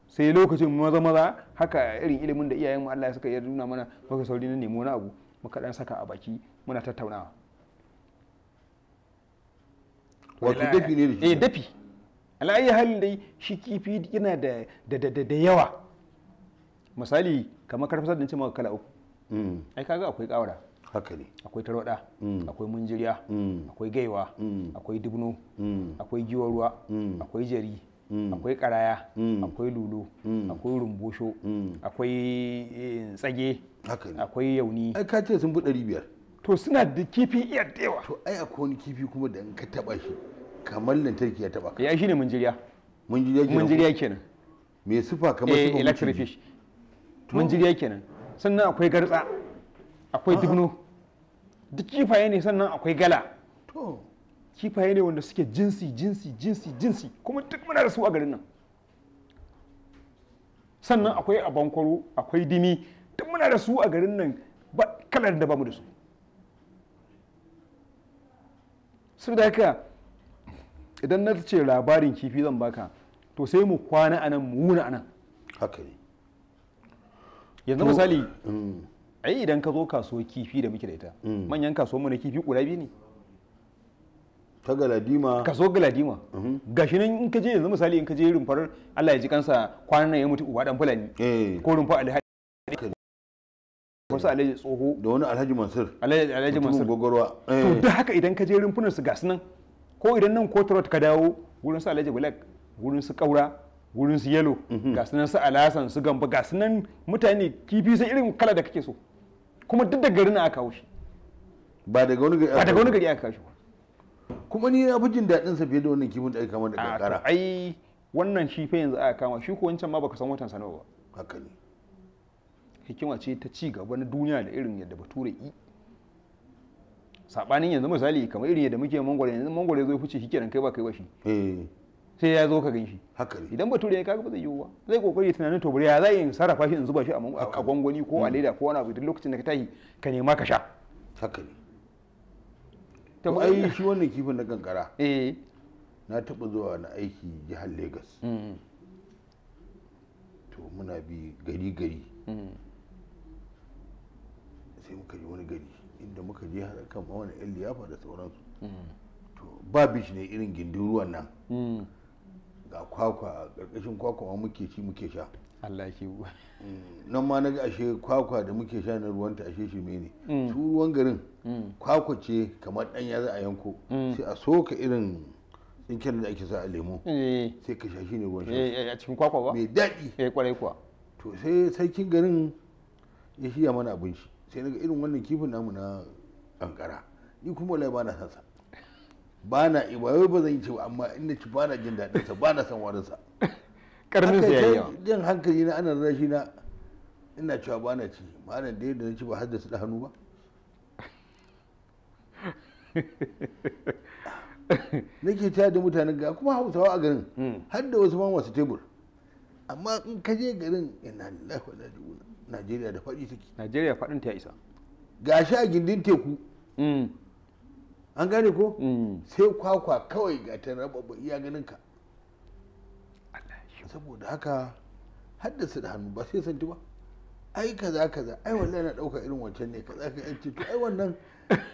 S2: sai lokacin maza maza haka irin ilimin da iyayen mu Allah Saka ya nuna mana baka sauri na nemo na abu muka dan saka a baki muna tattaunawa
S1: wato dafi ne da shi eh dafi
S2: ala'ayi halin dai shi kifi yana da da yawa misali kamar karfasa din ce maka kala uku
S1: mm. ai kaga akwai kawara haka ne
S2: akwai tarwada mm. akwai munjiriya mm. akwai gaiwa akwai dubno akwai giwar ruwa akwai jari akwai karaya akwai lulu akwai rumbosho akwai
S1: eh, tsage akwai yauni ai ka ce sun fi 500 to suna da kifi iya dewa to ai akwai wani kifi kuma da in ka taba shi kamar lantarki ya taba ka ya shine munjiriya munjiriya kenan munjiriya kenan me sufa kamar eh, sufa electric fish
S2: munjiriya kenan sannan akwai garza akwai ah. dubno duk kifaye ne sannan akwai gala to kifaye ne wanda suke jinsi jinsi jinsi jinsi kuma duk muna da su a garin nan sannan akwai abankoro akwai dimi duk muna da su a garin nan kalar da bamu da su saboda haka idan na ce labarin kifi zan baka to sai mu kwana anan mu wuna anan
S1: haka ne yanzu misali mm.
S2: ai idan ka zo kasuwar kifi da muke da ita mm. manyan kasuwar mu na kifi guda biyu ne ta galadima kaso galadima mm-hmm. gashi nan in ka je yanzu misali in ka je rumfar Allah ya ji kansa kwanan nan ya mutu uba dan fulani eh. ko rumfar
S1: alhaji wasu alhaji tsoho da wani alhaji mansur alhaji mansur gogorwa to eh. duk
S2: haka idan ka je rumfunan su gasu nan ko idan nan ko ka dawo gurin su alhaji black gurin su kaura gurin su yalo mhm. gasu nan su alasan su gamba gasu nan mutane kifi sai irin kala da kake so kuma duk da garin aka kawo shi
S1: ba daga wani gari ba daga wani
S2: gari aka kawo shi kuma ni na fi jin daɗin sa fiye da wannan kifin da aka kama da kankara ai wannan shi fa yanzu aka kama shi ko wancan ma baka san watan sa ba haka ne hikima ce ta ci gaba na duniya da irin yadda bature yi sabanin yanzu misali kamar irin yadda muke mangwaro yanzu mangwaro zai fice shi kenan kai ba kai ba shi eh. sai ya zo ka gan shi idan bature ya kaga ba zai yiwu ba zai kokari tunanin to ya za in sarrafa shi in zuba
S1: shi a gwangwani ko a mm. leda ko wani abu duk lokacin da ka tashi ka nema ka sha haka ne to ai shi wannan kifin na kankara eh na taba zuwa na aiki jihar Lagos mm. to muna bi gari gari mm. sai muka je wani gari inda muka je haɗa kan wani yan liyafa da sauransu mm. to ba bish ne irin gindin ruwan nan mm. ga kwakwa ƙarƙashin kwakwa muke ci muke sha Allah shi mm. nan ma na ga ashe kwakwa da muke sha na ruwanta ashe shi ne su ruwan garin kwakwa ce kamar ya za a yanko sai a soka irin tsinken da ake sa a lemo eh. sai ka sha shi ne ruwan sha eh, eh, a cikin kwakwa ba mai daɗi eh kwarai kuwa to sai sarkin garin ya shiya mana abinci sai na ga irin wannan kifin namu na kankara ni kuma wallahi ba na san sa ba na ba wai ba zan yi cewa amma inda ci ba na jin daɗin sa ba na san warin sa karmin sa yayi jin hankali na ana rashi na ina cewa ba na ci malam da yadda na ci ba har da su da hannu ba nake ta da mutanen ga kuma hausawa a garin hmm. har da wasu ma masu tebur amma in ka je garin ina lafa da juna najeriya da faɗi take najeriya faɗin ta isa shi a gindin teku mm. an gane ko mm. sai kwakwa kawai ga ta raba iya ganin ka saboda haka haddasa da hannu ba sai santi ba ai kaza kaza ai wallahi na ɗauka irin wancan ne kaza ka yanci to ai wannan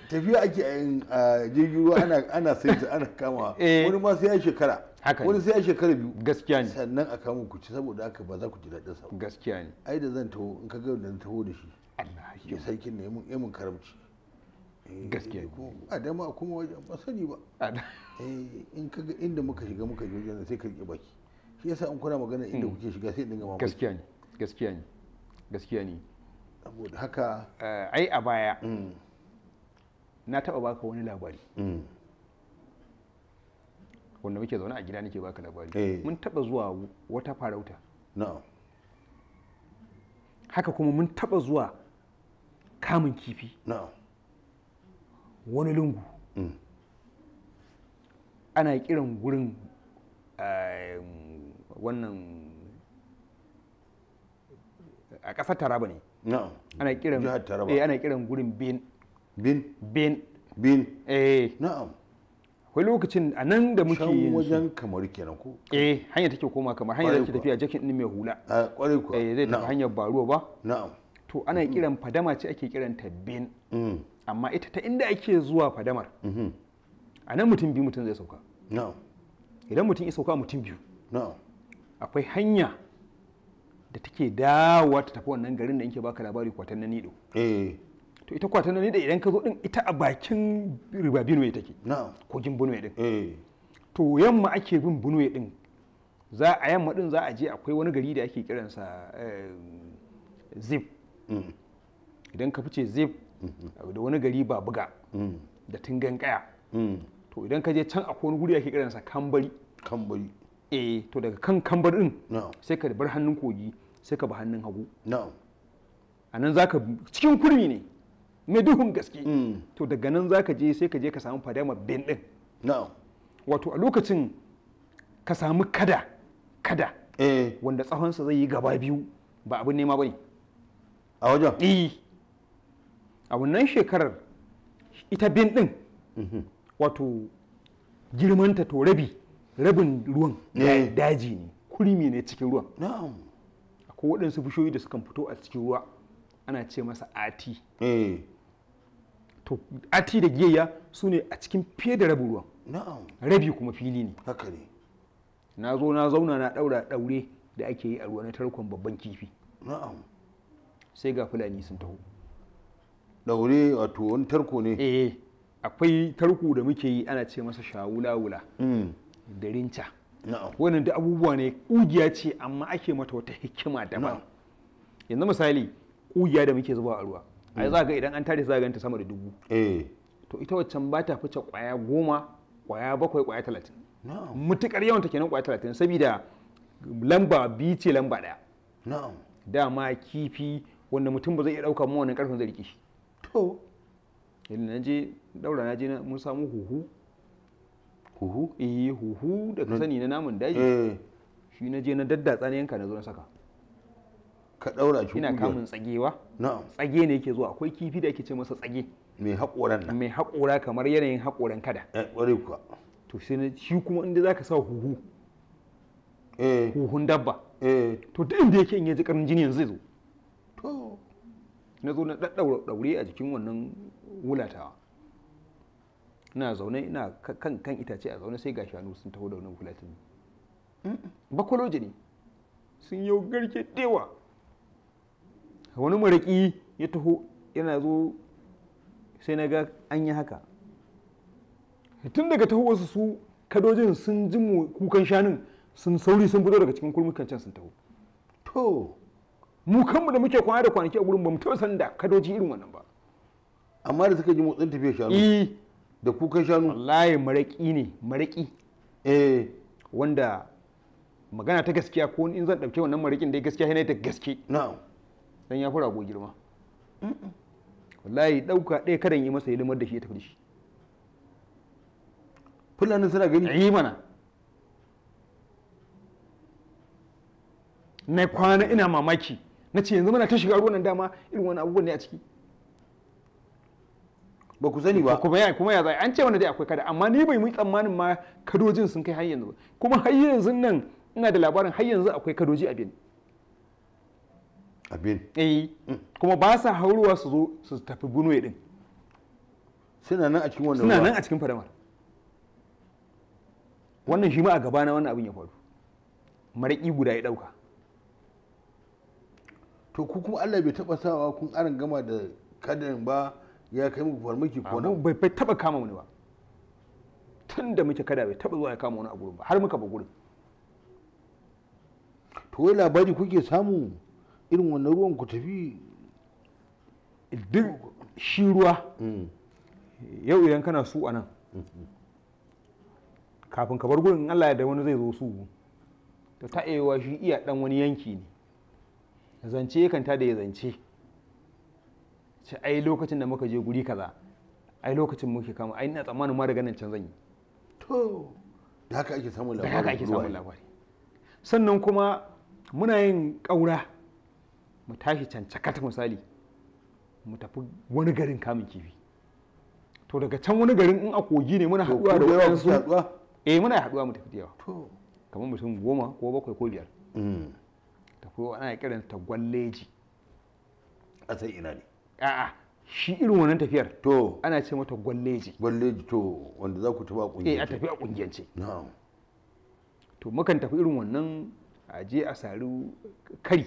S1: tafiya ake a jirgin ruwa ana saita ana kama eh. wani ma sai ya shekara wani sai ya shekara biyu gaskiya ne sannan a kama ku ci saboda haka ba za ku ji daɗin sa gaskiya ne ai da zan taho in ka ga da taho da shi Allah ya sarki ne mun mun karamci eh, gaskiya ne. a dama kuma wajen ba sani ba eh, in ka ga inda muka shiga muka ji wajen sai ka riƙe baki shi yasa in kuna magana inda hmm. kuke shiga sai dinga mamaki gaskiya
S2: ne gaskiya ne gaskiya ne
S1: saboda haka ai a baya hmm.
S2: na taba baka wani labari mm. wanda muke zaune a gida nake baka labari eh. mun taba zuwa wata farauta haka kuma mun taba zuwa kamun kifi wani lungu mm. ana kiran gurin wannan a ƙasar taraba ne eh, ana kiran gurin bin bin bin bin eh na'am
S1: akwai lokacin
S2: a nan da muke yin wajen
S1: kamar kenan ko eh
S2: hanya take koma kamar hanya take tafiya jakin din mai hula
S1: a ah, kwarai ko eh zai tafi hanyar
S2: baruwa ba na'am to ana mm-hmm. kiran fadama ce ake kiran ta bin mm. amma ita ta inda ake zuwa fadamar mm-hmm. a nan mutum biyu mutum zai sauka na'am idan mutum ya sauka mutum biyu na'am akwai hanya da take dawowa ta tafi wannan garin da yake baka labari kwatan na nido eh to ita kwatano ne da idan ka zo din ita a bakin riba benue take kogin benue din eh. to yamma ake bin benue din za a yamma din za a je akwai wani gari da ake kiransa eh, zip mm. idan ka fice zip mm-hmm. da wani gari ba buga mm. da tingan kaya mm. to idan ka je can akwai wani guri ake kiransa kambari kambari eh to daga kan kambari din sai ka bar hannun kogi sai ka bar hannun hagu a nan za ka cikin kurmi ne mai duhun gaske mm. to daga nan za ka je sai ka je ka samu fadama bin din wato a lokacin ka samu kada kada eh. wanda tsawonsa zai yi gaba biyu ba abin nema ba a wajen eh. a wannan shekarar ita bin din mm-hmm. wato girmanta to rabi rabin ruwan eh. daji ne kurmi ne cikin ruwan akwai waɗansu bishiyoyi da suka fito a cikin ruwa ana ce masa ati to ati da giyayya su ne a cikin fiye da rabin ruwan rabi kuma fili ne haka na zo na zauna na daura daure da ake yi a ruwa na tarkon babban kifi na'am sai ga fulani sun taho
S1: daure wato wani tarko ne eh
S2: akwai tarko da muke yi ana ce masa shawula wula da mm. rinca wannan da abubuwa ne kugiya ce amma ake mata wata hikima daban yanzu misali kugiya da muke zuba a ruwa ai za ga idan an tare za ganta sama da dubu eh. to ita waccan ba ta fice kwaya goma kwaya bakwai kwaya talatin mutukar yawan ta kenan kwaya talatin saboda lamba biyu ce lamba daya dama kifi wanda mutum ba zai iya dauka mu wannan karfin zai rike shi to ina na je daura na je mun samu huhu
S1: huhu eh
S2: huhu da ka sani na namun daji eh. shi na je na daddatsa na yanka na zo na saka
S1: ka daura shi ina kamun
S2: tsagewa na'am tsage ne yake zuwa akwai kifi da ake ce masa tsage mai haƙoran nan mai haƙora kamar yanayin haƙoran kada eh ƙware kuwa to shi kuma inda zaka sa huhu eh huhun dabba eh to duk inda yake in yaji karin jini yanzu zai zo to na zo na daddaura daure a jikin wannan wulatawa ina zaune ina kan kan itace a zaune sai ga shanu sun taho da wannan wulatin bakoloji ne sun yau garke dewa wani maraƙi ya taho yana zo sai na ga an yi haka tun daga tahowarsu su kadojin sun ji kukan shanun sun sauri sun fito daga cikin kurmukan can sun taho to mu kanmu da muke kwana da kwanaki a gurin ba mu taɓa san da kadoji irin wannan ba amma da suka ji motsin tafiya shanu eh. da kukan shanu wallahi maraƙi ne maraƙi eh wanda magana ta gaskiya ko in zan ɗauke wannan maraƙin dai gaskiya ne ta gaske na'am dan ya fi rago girma wallahi dauka ɗaya karan yi masa hidimar da shi ya tafi shi fulani suna gani yi mana na kwana ina mamaki na ce yanzu muna ta shiga ruwan dama irin wani abubuwan ne a ciki ba ku sani ba kuma ya kuma ya zai an ce wani dai akwai kada amma ni bai mu tsammanin ma kadojin sun kai har yanzu kuma har yanzu nan ina da labarin har yanzu akwai kadoji a Benin abin eh kuma ba sa hauruwa su zo su tafi bunwe din suna nan a cikin wannan suna nan a cikin fadama wannan shi ma a gaba na wannan abin
S1: ya faru maraƙi guda ya ɗauka to ku kuma Allah bai taɓa sawa kun aran gama da kadarin ba ya kai muku farmaki ko na bai bai taba kama wani ba tun da muke kada bai taɓa zuwa ya kama wani a gurin ba har muka ba gurin to wai labari kuke samu irin wannan ruwan ku tafi duk shi ruwa
S2: yau idan kana su a nan kafin ka bar gurin Allah ya da wani zai zo su ta ewa shi iya dan wani yanki ne zance ya ta da ya zance ce ai lokacin da muka je guri kaza ai lokacin muke kama ai na tsammanin mara ganin can zan yi to da haka
S1: ake samun da haka ake samun labari
S2: sannan kuma muna yin ƙaura mu tashi cakata misali mu tafi wani garin kamun kifi to daga can wani garin in a kogi ne muna haɗuwa da waɗansu eh muna haɗuwa mu tafi da yawa kamar mutum goma ko bakwai ko biyar mm. tafi ana kiran ta gwalleji
S1: a sai ina ne a'a shi irin wannan tafiyar to ana ce mata gwalleji gwalleji to wanda za ku tafi a kungiyance eh a tafi a kungiyance na'am to mukan tafi irin wannan a je a sari kari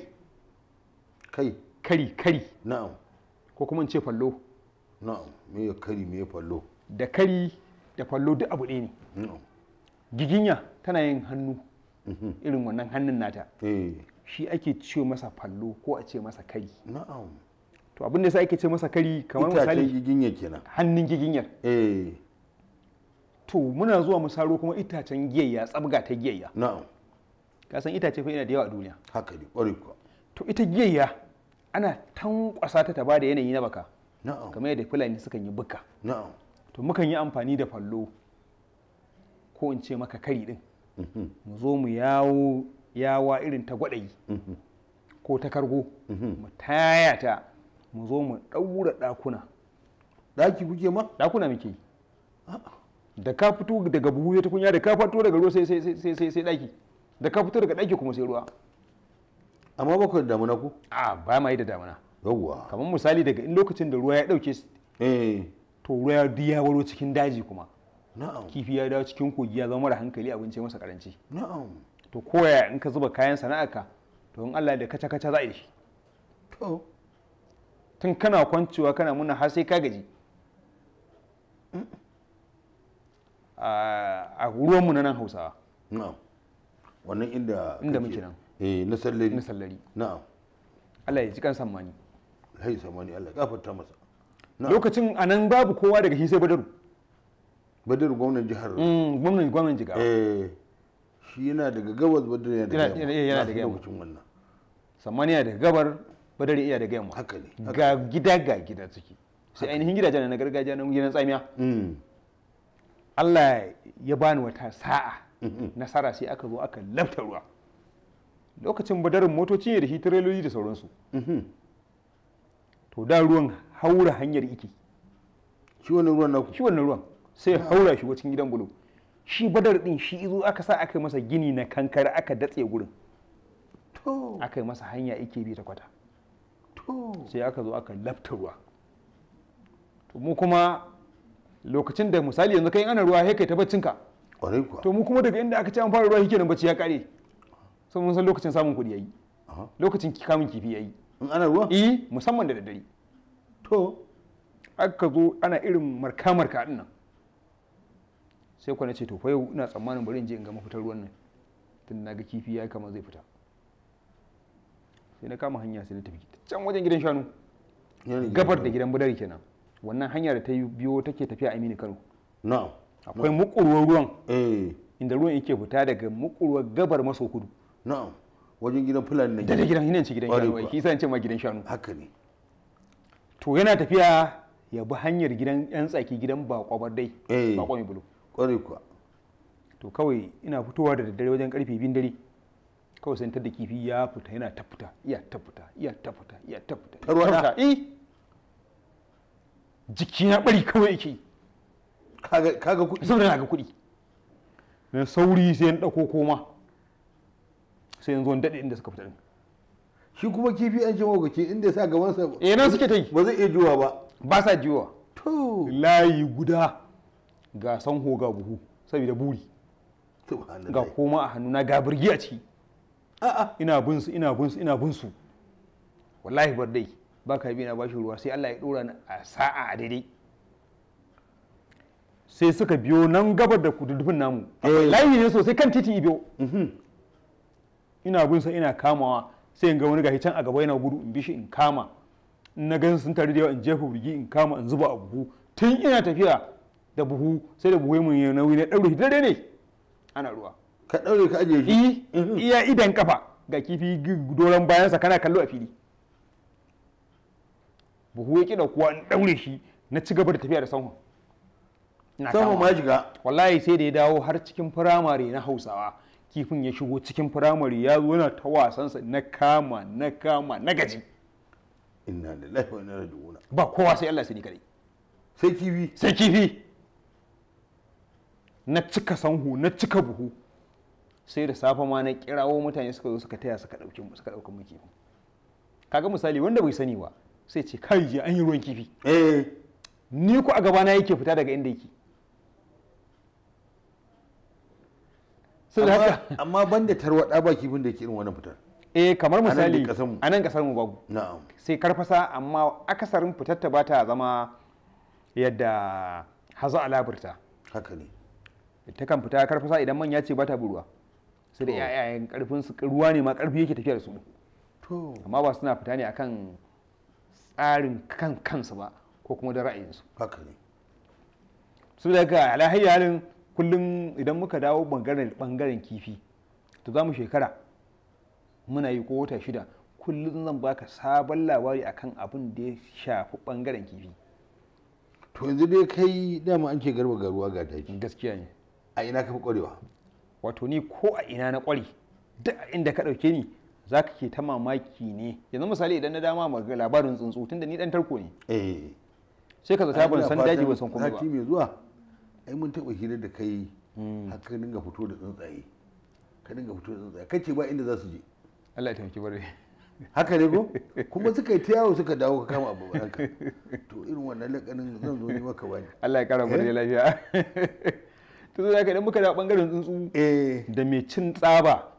S1: kai
S2: kari kari na'am ko kuma in ce fallo na'am me ya kari me ya fallo da kari da fallo duk abu ne na'am giginya tana yin hannu mhm. irin wannan hannun nata eh. shi ake ce masa fallo ko a ce masa kari na'am to abin da sa ake ce masa kari kamar misali
S1: giginya kenan hannun giginyar eh
S2: to muna zuwa mu saro kuma itacen giyayya tsabga ta giyayya na'am ka san itace fa yana da yawa a duniya haka ne ƙwarai to ita giyayya ana tankwasa ta ta ba da yanayi na baka kamar yadda fulani sukan yi buka to mukan yi amfani da fallo ko in ce maka kari din mhm. mu zo mu yawo yawa irin ta gwadayi mhm. ko ta kargo mhm. mu taya ta mu zo mu ɗaura ɗakuna ɗaki kuke ma ɗakuna muke yi da ka fito daga buhu ya tukunya da ka fito daga ruwa sai sai sai sai ɗaki da ka fito daga ɗaki kuma sai ruwa amma ba ku da damuna ku a ba ma yi da damuna yawwa kamar misali daga in lokacin da ruwa ya dauke su eh. to ruwa ya ya waro cikin daji kuma na'am kifi ya dawo cikin kogi ya zama mara hankali abinci masa karanci na'am to koya in ka zuba kayan sana'arka to in Allah da kaca kaca za a yi to tun kana kwancewa kana muna har sai ka gaji a ruwanmu na nan hausawa
S1: wannan inda inda muke nan Eh, na sallari na sallari na'am Allah ya ji kan sammani hai sammani Allah ya gafarta masa lokacin anan babu kowa daga shi sai badaru badaru gwamnan jihar mm, gwamnan gwamnan jigawa eh, shi yana daga gabas badaru yana daga yamma yana daga yamma lokacin wannan sammani yana daga gabar badaru
S2: yana daga yamma haka ne ga gida ga gida ciki sai ainihin gidajen na gargajiya na gidan tsamiya mm. Allah ya bani wata sa'a mm-hmm. nasara sai aka zo aka lafta ruwa lokacin badarin motoci ne da shi tireloli da sauransu mhm. to da ruwan haura hanyar iki shi wannan ruwan na shi wannan ruwan sai ah. haura shi cikin gidan bulu. shi badar din shi izo aka sa aka yi masa gini na kankara aka datse gurin to aka yi masa hanya ike bi ta kwata to sai aka zo aka lafta ruwa to mu kuma lokacin da misali yanzu kai ana ruwa sai kai ta baccinka to mu kuma daga inda aka ce an fara ruwa shikenan bacci ya kare so mun san lokacin samun kuɗi yayi lokacin kamun kifi yayi in ana ruwa eh musamman da daddare to aka zo ana irin marka marka din nan sai ku na ce to fa yau ina tsammanin bari in je in ga mafitar ruwan nan tun na ga kifi ya kama zai fita sai na kama hanya sai na tafi can wajen gidan shanu gabar da gidan budari kenan wannan hanya da ta biyo take tafiya a mini kano na'am akwai mukuruwar ruwan eh. inda ruwan yake fita daga mukuruwar gabar maso kudu na'am wajen gidan fulani ne da gidan hinan ci gidan shanu ki san ce ma gidan shanu haka ne to yana tafiya ya bi hanyar gidan yan tsaki gidan bakwa dai. Eh. bakwa mai bulo kwarai kuwa to kawai ina fitowa da daddare wajen karfe biyun dare kawai sai da kifi ya fita yana ta fita iya ta fita iya ta fita iya ta fita ruwa eh jiki na bari kawai yake kaga kaga kuɗi saboda na ga kuɗi na sauri sai na ɗauko koma sai yanzu wani daɗe inda suka fita din shi kuma kifi an shan mawukaci inda sa gabansa eh nan suke ta yi ba zai iya juwa ba ba sa juwa to layi guda ga sanho ga buhu saboda buri ga koma a hannuna ga birgi a ciki a'a ina bin su ina bin su ina bin su wallahi bar dai ba ka bi na bashi ruwa sai Allah ya dora a sa'a a daidai sai suka biyo nan gabar da kududufin namu eh. layi ne sosai kan titi biyo mhm. ina bin sa ina kamawa sai in ga wani gashi can a gaba yana gudu in bi shi in kama in na gan sun tare da yawa in jefa burgi in kama in zuba a buhu tun ina tafiya da buhu sai da buhu mun nauyi na daure shi dare ne ana ruwa ka daure ka ajiye shi eh, iya idan kafa ga kifi doron sa kana kallo a fili buhu ya kida kuwa in daure shi na ci gaba da tafiya da sanwa sanwa ma shiga wallahi sai da ya dawo har cikin firamare na hausawa kifin ya shigo cikin firamare ya zo yana ta wasansa na kama na kama na gaji
S1: inna lillahi wa inna ilaihi
S2: ba kowa sai Allah sai ni kadai sai kifi sai kifi na cika sanhu na cika buhu sai da safa ma na kirawo mutane suka zo suka taya suka dauki suka dauki mu kifi kaga misali wanda bai sani ba sai ce kai je an yi ruwan kifi eh ni ku a gaba na yake fita daga
S1: inda yake amma ban da tarwaɗa ba kifin da ke irin wannan fitar
S2: eh kamar misali
S1: a nan kasar mu ba na'am
S2: sai karfasa amma akasarin fitar ta bata zama yadda hazo alaburta haka ne ta kan fita karfasa idan manya ce bata buruwa sai da yayayen karfin su ruwa ne ma karfi yake tafiya da su to amma ba suna fita ne akan tsarin kan kansu ba ko kuma da ra'ayinsu haka ne su daga alahiyalin kullum idan muka dawo bangaren kifi to za mu shekara muna yi ko wata shida kullum zan baka sabon labari akan abin da ya shafi bangaren kifi
S1: to yanzu dai kai dama an ke garba garuwa ga daji gaskiya ne a ina ka fi kwarewa wato ni ko a ina
S2: na kware duk inda ka dauke ni za ka ke ta mamaki ne yanzu misali idan na dama ma labarin tsuntsu tunda ni dan tarko ne eh. sai ka zata ban san daji ba san kuma
S1: ba ai mun taɓa hira da kai hmm. har ka dinga fito da tsuntsaye ka dinga fito da tsuntsaye kace ba inda za su je
S2: Allah ya taimaki bare
S1: haka ne ko kuma suka yi tiyawo suka dawo ka kama abu ranka to irin wannan lakanin zan zo ni maka bani Allah ya kara bare eh? lafiya to zo ka idan muka da bangaren tsuntsu eh. da mai cin tsaba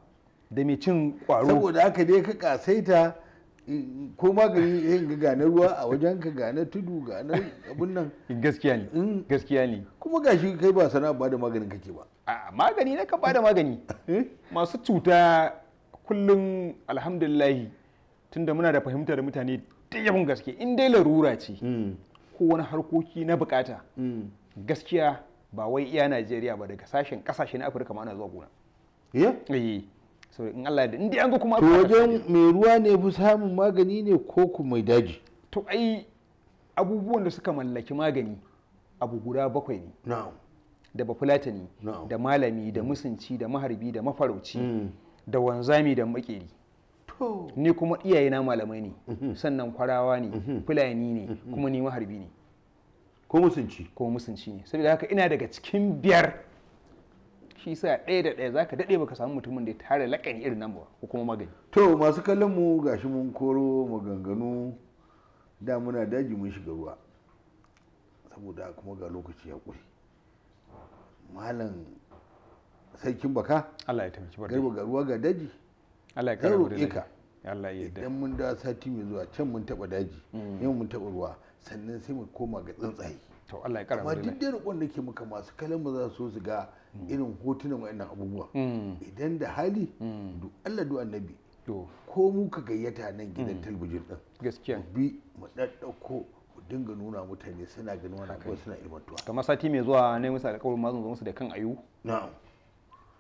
S1: da mai cin kwaro saboda haka dai ka kasaita ko magani yin eh, ga gane ruwa a wajen ka gane tudu gane abun nan gaskiya ne mm. gaskiya ne kuma gashi kai ba sana ba da maganin kake ba a magani na ka ba da magani eh?
S2: masu cuta kullum alhamdulillahi tunda muna da fahimtar mutane da yawan gaske in dai larura ce mm. ko wani harkoki na bukata mm. gaskiya ba wai iya Najeriya ba daga sashen kasashe na Afirka ma ana zuwa gona eh, eh. so in Allah ya in dai an ga kuma to wajen
S1: mai ruwa ne fi samun magani ne ko
S2: ku mai daji to ai abubuwan da suka mallaki magani abu guda bakwai ne na'am da bafulatani da malami da musunci da maharbi da mafarauci mm. da wanzami da makeri ni kuma na malamai ne mhm. sannan kwarawa ne mhm. fulani ne mhm. kuma ni maharbi ne ko musunci ko musunci ne saboda haka ina daga cikin biyar shi sa ɗaya da ɗaya zaka daɗe baka samu mutumin da ya tare lakani irin nan ba ko kuma magani
S1: to masu kallon mu gashi mun koro maganganu da muna daji mun shiga ruwa saboda kuma ga lokaci ya ƙuri malam sarkin baka Allah ya taimaki barka garba ga ruwa ga daji
S2: Allah ya karbu da ka Allah ya
S1: yarda idan mun da sati mai zuwa can mun taba daji mm. yau mun taba ruwa sannan sai mu koma ga tsuntsaye to Allah ya karbu da amma duk da ruwan da ke muka masu kallon mu za su su ga Mm. irin hotunan wa'annan abubuwa mm. idan da hali mm. duk Allah duk annabi ko mu ka gayyata nan gidan talbijin din gaskiya bi mu daddauko mu dinga nuna mutane suna ganin wani kai. suna ilmantuwa kamar
S2: sati mai zuwa ne musu alƙawarin ma zo musu da kan ayu na'am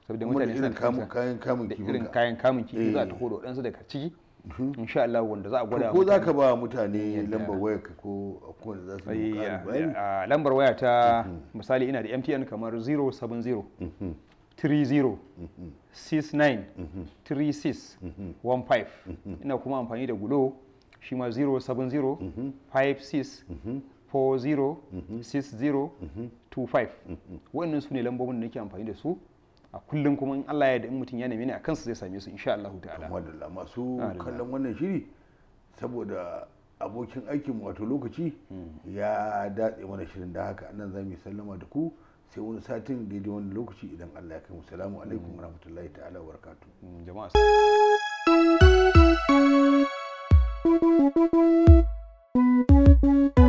S2: saboda mutane suna kamun kayan
S1: kamun kiwon irin kayan
S2: kamun kiwon za eh. ta horo dan su daga ciki Mm-hmm. insha Allah wanda za a gwada ko zaka ba
S1: mutane lambar waya ka ko akwai za su yi bayani ah,
S2: lambar waya ta mm-hmm. misali ina da MTN kamar 070 30 69 36 ina kuma amfani da gulo shi ma 070 56 40 60 25 wannan su ne lambobin da nake amfani da su a kullum kuma in Allah ya da in mutum ya nemi ne a kansa zai same su insha Allah ta'ala Allah
S1: masu ah, kallon wannan shiri saboda abokin aikin wato lokaci hmm. ya datse mana shirin da haka nan zamu mu sallama da ku sai wani satin daidai wani lokaci idan Allah ya kai mu salamu alaikum hmm. wa rahmatullahi ta'ala wa barakatuh hmm, jama'a thank you